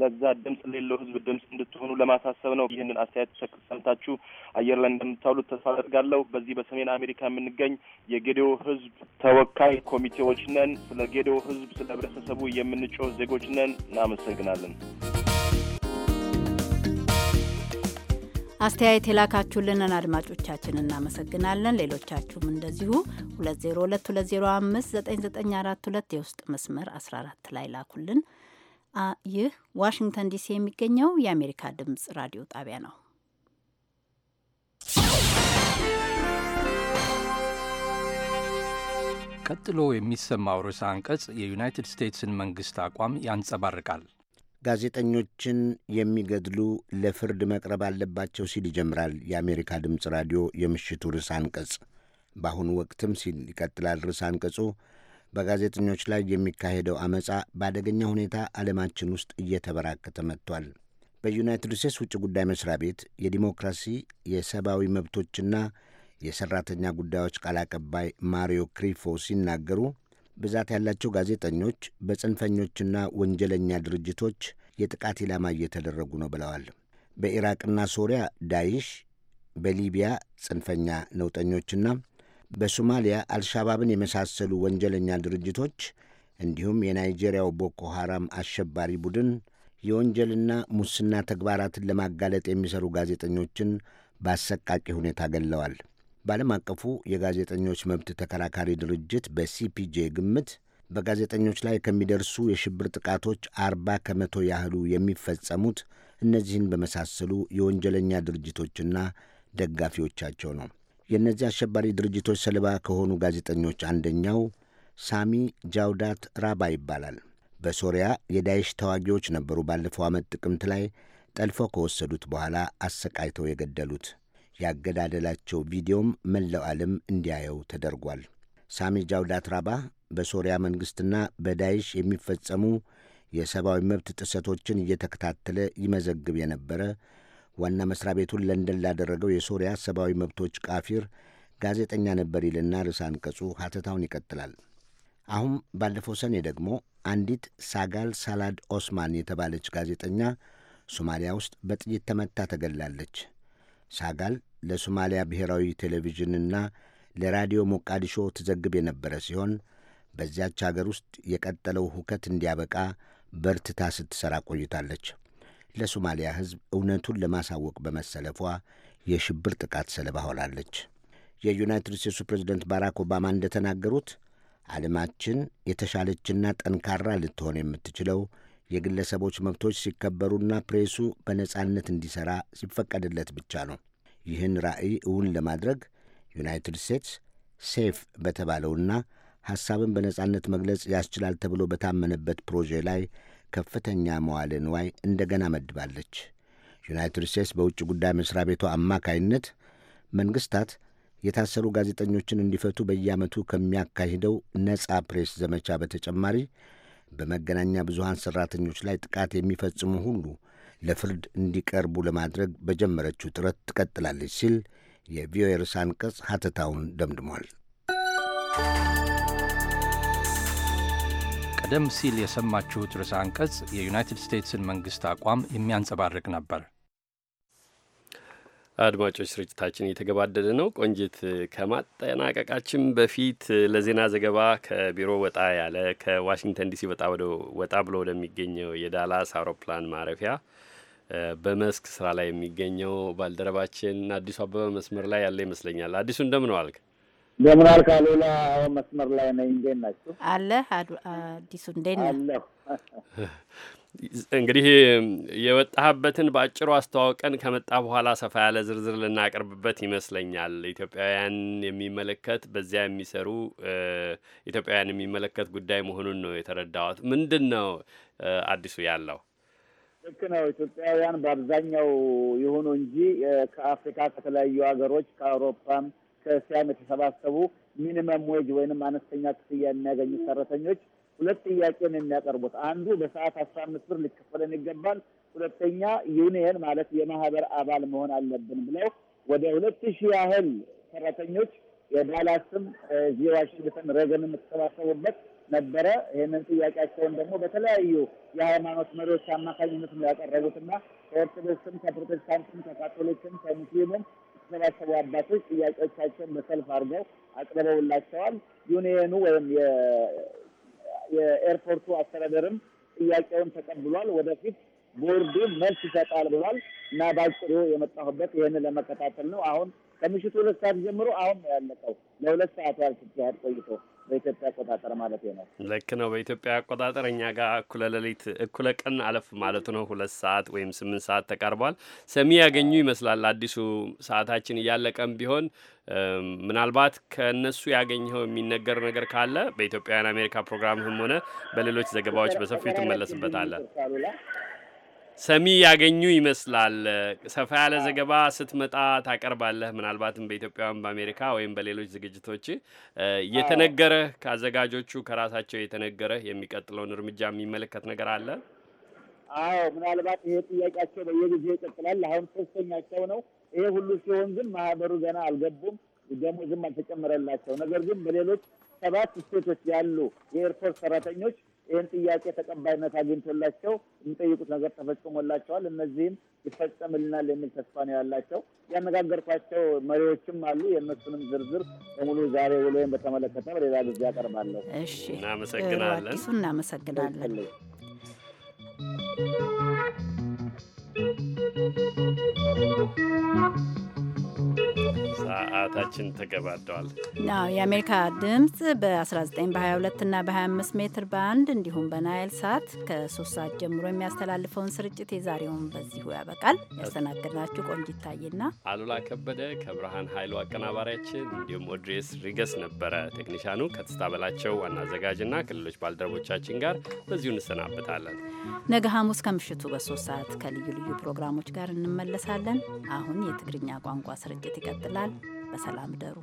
ለዛ ድምጽ ሌለው ህዝብ ድምጽ እንድትሆኑ ለማሳሰብ ነው። ይህንን አስተያየት ሰምታችሁ አየር ላይ እንደምታውሉት ተስፋ አደርጋለሁ። በዚህ በሰሜን አሜሪካ የምንገኝ የጌዲዮ ህዝብ ተወካይ ኮሚቴዎች ነን። ስለ ጌዲዮ ህዝብ፣ ስለ ህብረተሰቡ የምንጮህ ዜጎች ነን። እናመሰግናለን። አስተያየት የላካችሁልንን አድማጮቻችን እናመሰግናለን። ሌሎቻችሁም እንደዚሁ 2022059942 የውስጥ መስመር 14 ላይ ላኩልን። ይህ ዋሽንግተን ዲሲ የሚገኘው የአሜሪካ ድምጽ ራዲዮ ጣቢያ ነው። ቀጥሎ የሚሰማው ርዕሰ አንቀጽ የዩናይትድ ስቴትስን መንግሥት አቋም ያንጸባርቃል። ጋዜጠኞችን የሚገድሉ ለፍርድ መቅረብ አለባቸው ሲል ይጀምራል የአሜሪካ ድምፅ ራዲዮ የምሽቱ ርዕሰ አንቀጽ። በአሁኑ ወቅትም ሲል ይቀጥላል ርዕሰ አንቀጹ በጋዜጠኞች ላይ የሚካሄደው አመጻ በአደገኛ ሁኔታ ዓለማችን ውስጥ እየተበራከተ መጥቷል። በዩናይትድ ስቴትስ ውጭ ጉዳይ መስሪያ ቤት የዲሞክራሲ የሰብአዊ መብቶችና የሰራተኛ ጉዳዮች ቃል አቀባይ ማሪዮ ክሪፎ ሲናገሩ ብዛት ያላቸው ጋዜጠኞች በጽንፈኞችና ወንጀለኛ ድርጅቶች የጥቃት ኢላማ እየተደረጉ ነው ብለዋል። በኢራቅና ሶሪያ ዳይሽ፣ በሊቢያ ጽንፈኛ ነውጠኞችና በሶማሊያ አልሻባብን የመሳሰሉ ወንጀለኛ ድርጅቶች እንዲሁም የናይጄሪያው ቦኮ ሐራም አሸባሪ ቡድን የወንጀልና ሙስና ተግባራትን ለማጋለጥ የሚሰሩ ጋዜጠኞችን በአሰቃቂ ሁኔታ ገለዋል። በዓለም አቀፉ የጋዜጠኞች መብት ተከራካሪ ድርጅት በሲፒጄ ግምት በጋዜጠኞች ላይ ከሚደርሱ የሽብር ጥቃቶች አርባ ከመቶ ያህሉ የሚፈጸሙት እነዚህን በመሳሰሉ የወንጀለኛ ድርጅቶችና ደጋፊዎቻቸው ነው። የእነዚህ አሸባሪ ድርጅቶች ሰለባ ከሆኑ ጋዜጠኞች አንደኛው ሳሚ ጃውዳት ራባ ይባላል። በሶሪያ የዳይሽ ተዋጊዎች ነበሩ ባለፈው ዓመት ጥቅምት ላይ ጠልፈው ከወሰዱት በኋላ አሰቃይተው የገደሉት። ያገዳደላቸው ቪዲዮም መላው ዓለም እንዲያየው ተደርጓል። ሳሚ ጃውዳት ራባ በሶሪያ መንግሥትና በዳይሽ የሚፈጸሙ የሰብአዊ መብት ጥሰቶችን እየተከታተለ ይመዘግብ የነበረ ዋና መስሪያ ቤቱን ለንደን ላደረገው የሶሪያ ሰብአዊ መብቶች ቃፊር ጋዜጠኛ ነበር ይልና ርዕሰ አንቀጹ ሐተታውን ይቀጥላል። አሁን ባለፈው ሰኔ ደግሞ አንዲት ሳጋል ሳላድ ኦስማን የተባለች ጋዜጠኛ ሶማሊያ ውስጥ በጥይት ተመታ ተገላለች። ሳጋል ለሶማሊያ ብሔራዊ ቴሌቪዥንና ለራዲዮ ሞቃዲሾ ትዘግብ የነበረ ሲሆን በዚያች አገር ውስጥ የቀጠለው ሁከት እንዲያበቃ በርትታ ስትሠራ ቆይታለች። ለሶማሊያ ሕዝብ እውነቱን ለማሳወቅ በመሰለፏ የሽብር ጥቃት ሰለባ ሆናለች። የዩናይትድ ስቴትሱ ፕሬዚደንት ባራክ ኦባማ እንደተናገሩት ዓለማችን የተሻለችና ጠንካራ ልትሆን የምትችለው የግለሰቦች መብቶች ሲከበሩና ፕሬሱ በነጻነት እንዲሠራ ሲፈቀድለት ብቻ ነው። ይህን ራዕይ እውን ለማድረግ ዩናይትድ ስቴትስ ሴፍ በተባለውና ሐሳብን በነጻነት መግለጽ ያስችላል ተብሎ በታመነበት ፕሮጄ ላይ ከፍተኛ መዋለ ንዋይ እንደገና መድባለች። ዩናይትድ ስቴትስ በውጭ ጉዳይ መስሪያ ቤቷ አማካይነት መንግስታት የታሰሩ ጋዜጠኞችን እንዲፈቱ በየዓመቱ ከሚያካሂደው ነጻ ፕሬስ ዘመቻ በተጨማሪ በመገናኛ ብዙሃን ሠራተኞች ላይ ጥቃት የሚፈጽሙ ሁሉ ለፍርድ እንዲቀርቡ ለማድረግ በጀመረችው ጥረት ትቀጥላለች ሲል የቪኦኤ ርዕሰ አንቀጽ ሀተታውን ደምድሟል። ቀደም ሲል የሰማችሁት ርዕሰ አንቀጽ የዩናይትድ ስቴትስን መንግስት አቋም የሚያንጸባርቅ ነበር። አድማጮች ስርጭታችን እየተገባደደ ነው። ቆንጅት፣ ከማጠናቀቃችን በፊት ለዜና ዘገባ ከቢሮ ወጣ ያለ ከዋሽንግተን ዲሲ ወጣ ብሎ ወደሚገኘው የዳላስ አውሮፕላን ማረፊያ በመስክ ስራ ላይ የሚገኘው ባልደረባችን አዲሱ አበበ መስመር ላይ ያለ ይመስለኛል። አዲሱ እንደምን ዋልክ? እንደምን አልክ አሉላ? አሁን መስመር ላይ ነኝ። እንዴት ናችሁ? አለ አዲሱ እንዴት ነው? አለሁ። እንግዲህ የወጣህበትን በአጭሩ አስተዋውቀን ከመጣ በኋላ ሰፋ ያለ ዝርዝር ልናቀርብበት ይመስለኛል። ኢትዮጵያውያን የሚመለከት በዚያ የሚሰሩ ኢትዮጵያውያን የሚመለከት ጉዳይ መሆኑን ነው የተረዳሁት። ምንድን ነው አዲሱ ያለው? ልክ ነው። ኢትዮጵያውያን በአብዛኛው ይሁኑ እንጂ ከአፍሪካ ከተለያዩ ሀገሮች ከአውሮፓም ከሲያም የተሰባሰቡ ሚኒመም ዌጅ ወይንም አነስተኛ ክፍያ የሚያገኙ ሰራተኞች ሁለት ጥያቄ ነው የሚያቀርቡት። አንዱ በሰዓት አስራ አምስት ብር ሊከፈለን ይገባል፣ ሁለተኛ ዩኒየን ማለት የማህበር አባል መሆን አለብን ብለው ወደ ሁለት ሺህ ያህል ሰራተኞች የዳላስም እዚህ ዋሽንግተን ረገንም የተሰባሰቡበት ነበረ። ይህንን ጥያቄያቸውን ደግሞ በተለያዩ የሃይማኖት መሪዎች አማካኝነት ነው ያቀረቡትና ከኦርቶዶክስም፣ ከፕሮቴስታንትም፣ ከካቶሊክም፣ ከሙስሊሙም የተሰባሰቡ አባቶች ጥያቄዎቻቸውን በሰልፍ አድርገው አቅርበውላቸዋል። ዩኒየኑ ወይም የኤርፖርቱ አስተዳደርም ጥያቄውን ተቀብሏል። ወደፊት ቦርዱ መልስ ይሰጣል ብሏል እና በአጭሩ የመጣሁበት ይህንን ለመከታተል ነው። አሁን ከምሽቱ ሁለት ሰዓት ጀምሮ አሁን ነው ያለቀው። ለሁለት ሰዓት ያህል ሲካሄድ ቆይቶ በኢትዮጵያ አቆጣጠር ማለት ነው። ልክ ነው። በኢትዮጵያ አቆጣጠር እኛ ጋር እኩለ ሌሊት እኩለ ቀን አለፍ ማለቱ ነው። ሁለት ሰዓት ወይም ስምንት ሰዓት ተቃርቧል። ሰሚ ያገኙ ይመስላል። አዲሱ ሰዓታችን እያለቀም ቢሆን ምናልባት ከእነሱ ያገኘኸው የሚነገር ነገር ካለ በኢትዮጵያውያን አሜሪካ ፕሮግራምህም ሆነ በሌሎች ዘገባዎች በሰፊው ትመለስበታለን። ሰሚ ያገኙ ይመስላል። ሰፋ ያለ ዘገባ ስትመጣ ታቀርባለህ። ምናልባትም በኢትዮጵያውያን በአሜሪካ ወይም በሌሎች ዝግጅቶች እየተነገረ ከአዘጋጆቹ ከራሳቸው የተነገረ የሚቀጥለውን እርምጃ የሚመለከት ነገር አለ? አዎ፣ ምናልባት ይሄ ጥያቄያቸው በየጊዜው ይቀጥላል። አሁን ሶስተኛቸው ነው። ይሄ ሁሉ ሲሆን ግን ማህበሩ ገና አልገቡም፣ ደሞዝም አልተጨመረላቸው። ነገር ግን በሌሎች ሰባት ስቴቶች ያሉ የኤርፖርት ሰራተኞች ይህን ጥያቄ ተቀባይነት አግኝቶላቸው የሚጠይቁት ነገር ተፈጽሞላቸዋል። እነዚህም ይፈጸምልናል የሚል ተስፋ ነው ያላቸው። ያነጋገርኳቸው መሪዎችም አሉ። የእነሱንም ዝርዝር በሙሉ ዛሬ ውሎዬን በተመለከተ በሌላ ጊዜ አቀርባለሁ። እሺ፣ እናመሰግናለን። እናመሰግናለን። ሰዓታችን ተገባደዋል። የአሜሪካ ድምፅ በ19 በ22 እና በ25 ሜትር ባንድ እንዲሁም በናይል ሳት ከሶስት ሰዓት ጀምሮ የሚያስተላልፈውን ስርጭት የዛሬውን በዚሁ ያበቃል። ያስተናገድናችሁ ቆንጅ ይታይና አሉላ ከበደ ከብርሃን ኃይሉ አቀናባሪያችን እንዲሁም ኦድሬስ ሪገስ ነበረ ቴክኒሻኑ በላቸው ዋና አዘጋጅና ከሌሎች ባልደረቦቻችን ጋር በዚሁ እንሰናበታለን። ነገ ሐሙስ ከምሽቱ በሶስት ሰዓት ከልዩ ልዩ ፕሮግራሞች ጋር እንመለሳለን። አሁን የትግርኛ ቋንቋ ስርጭት ይቀጥላል። በሰላም ደሩ።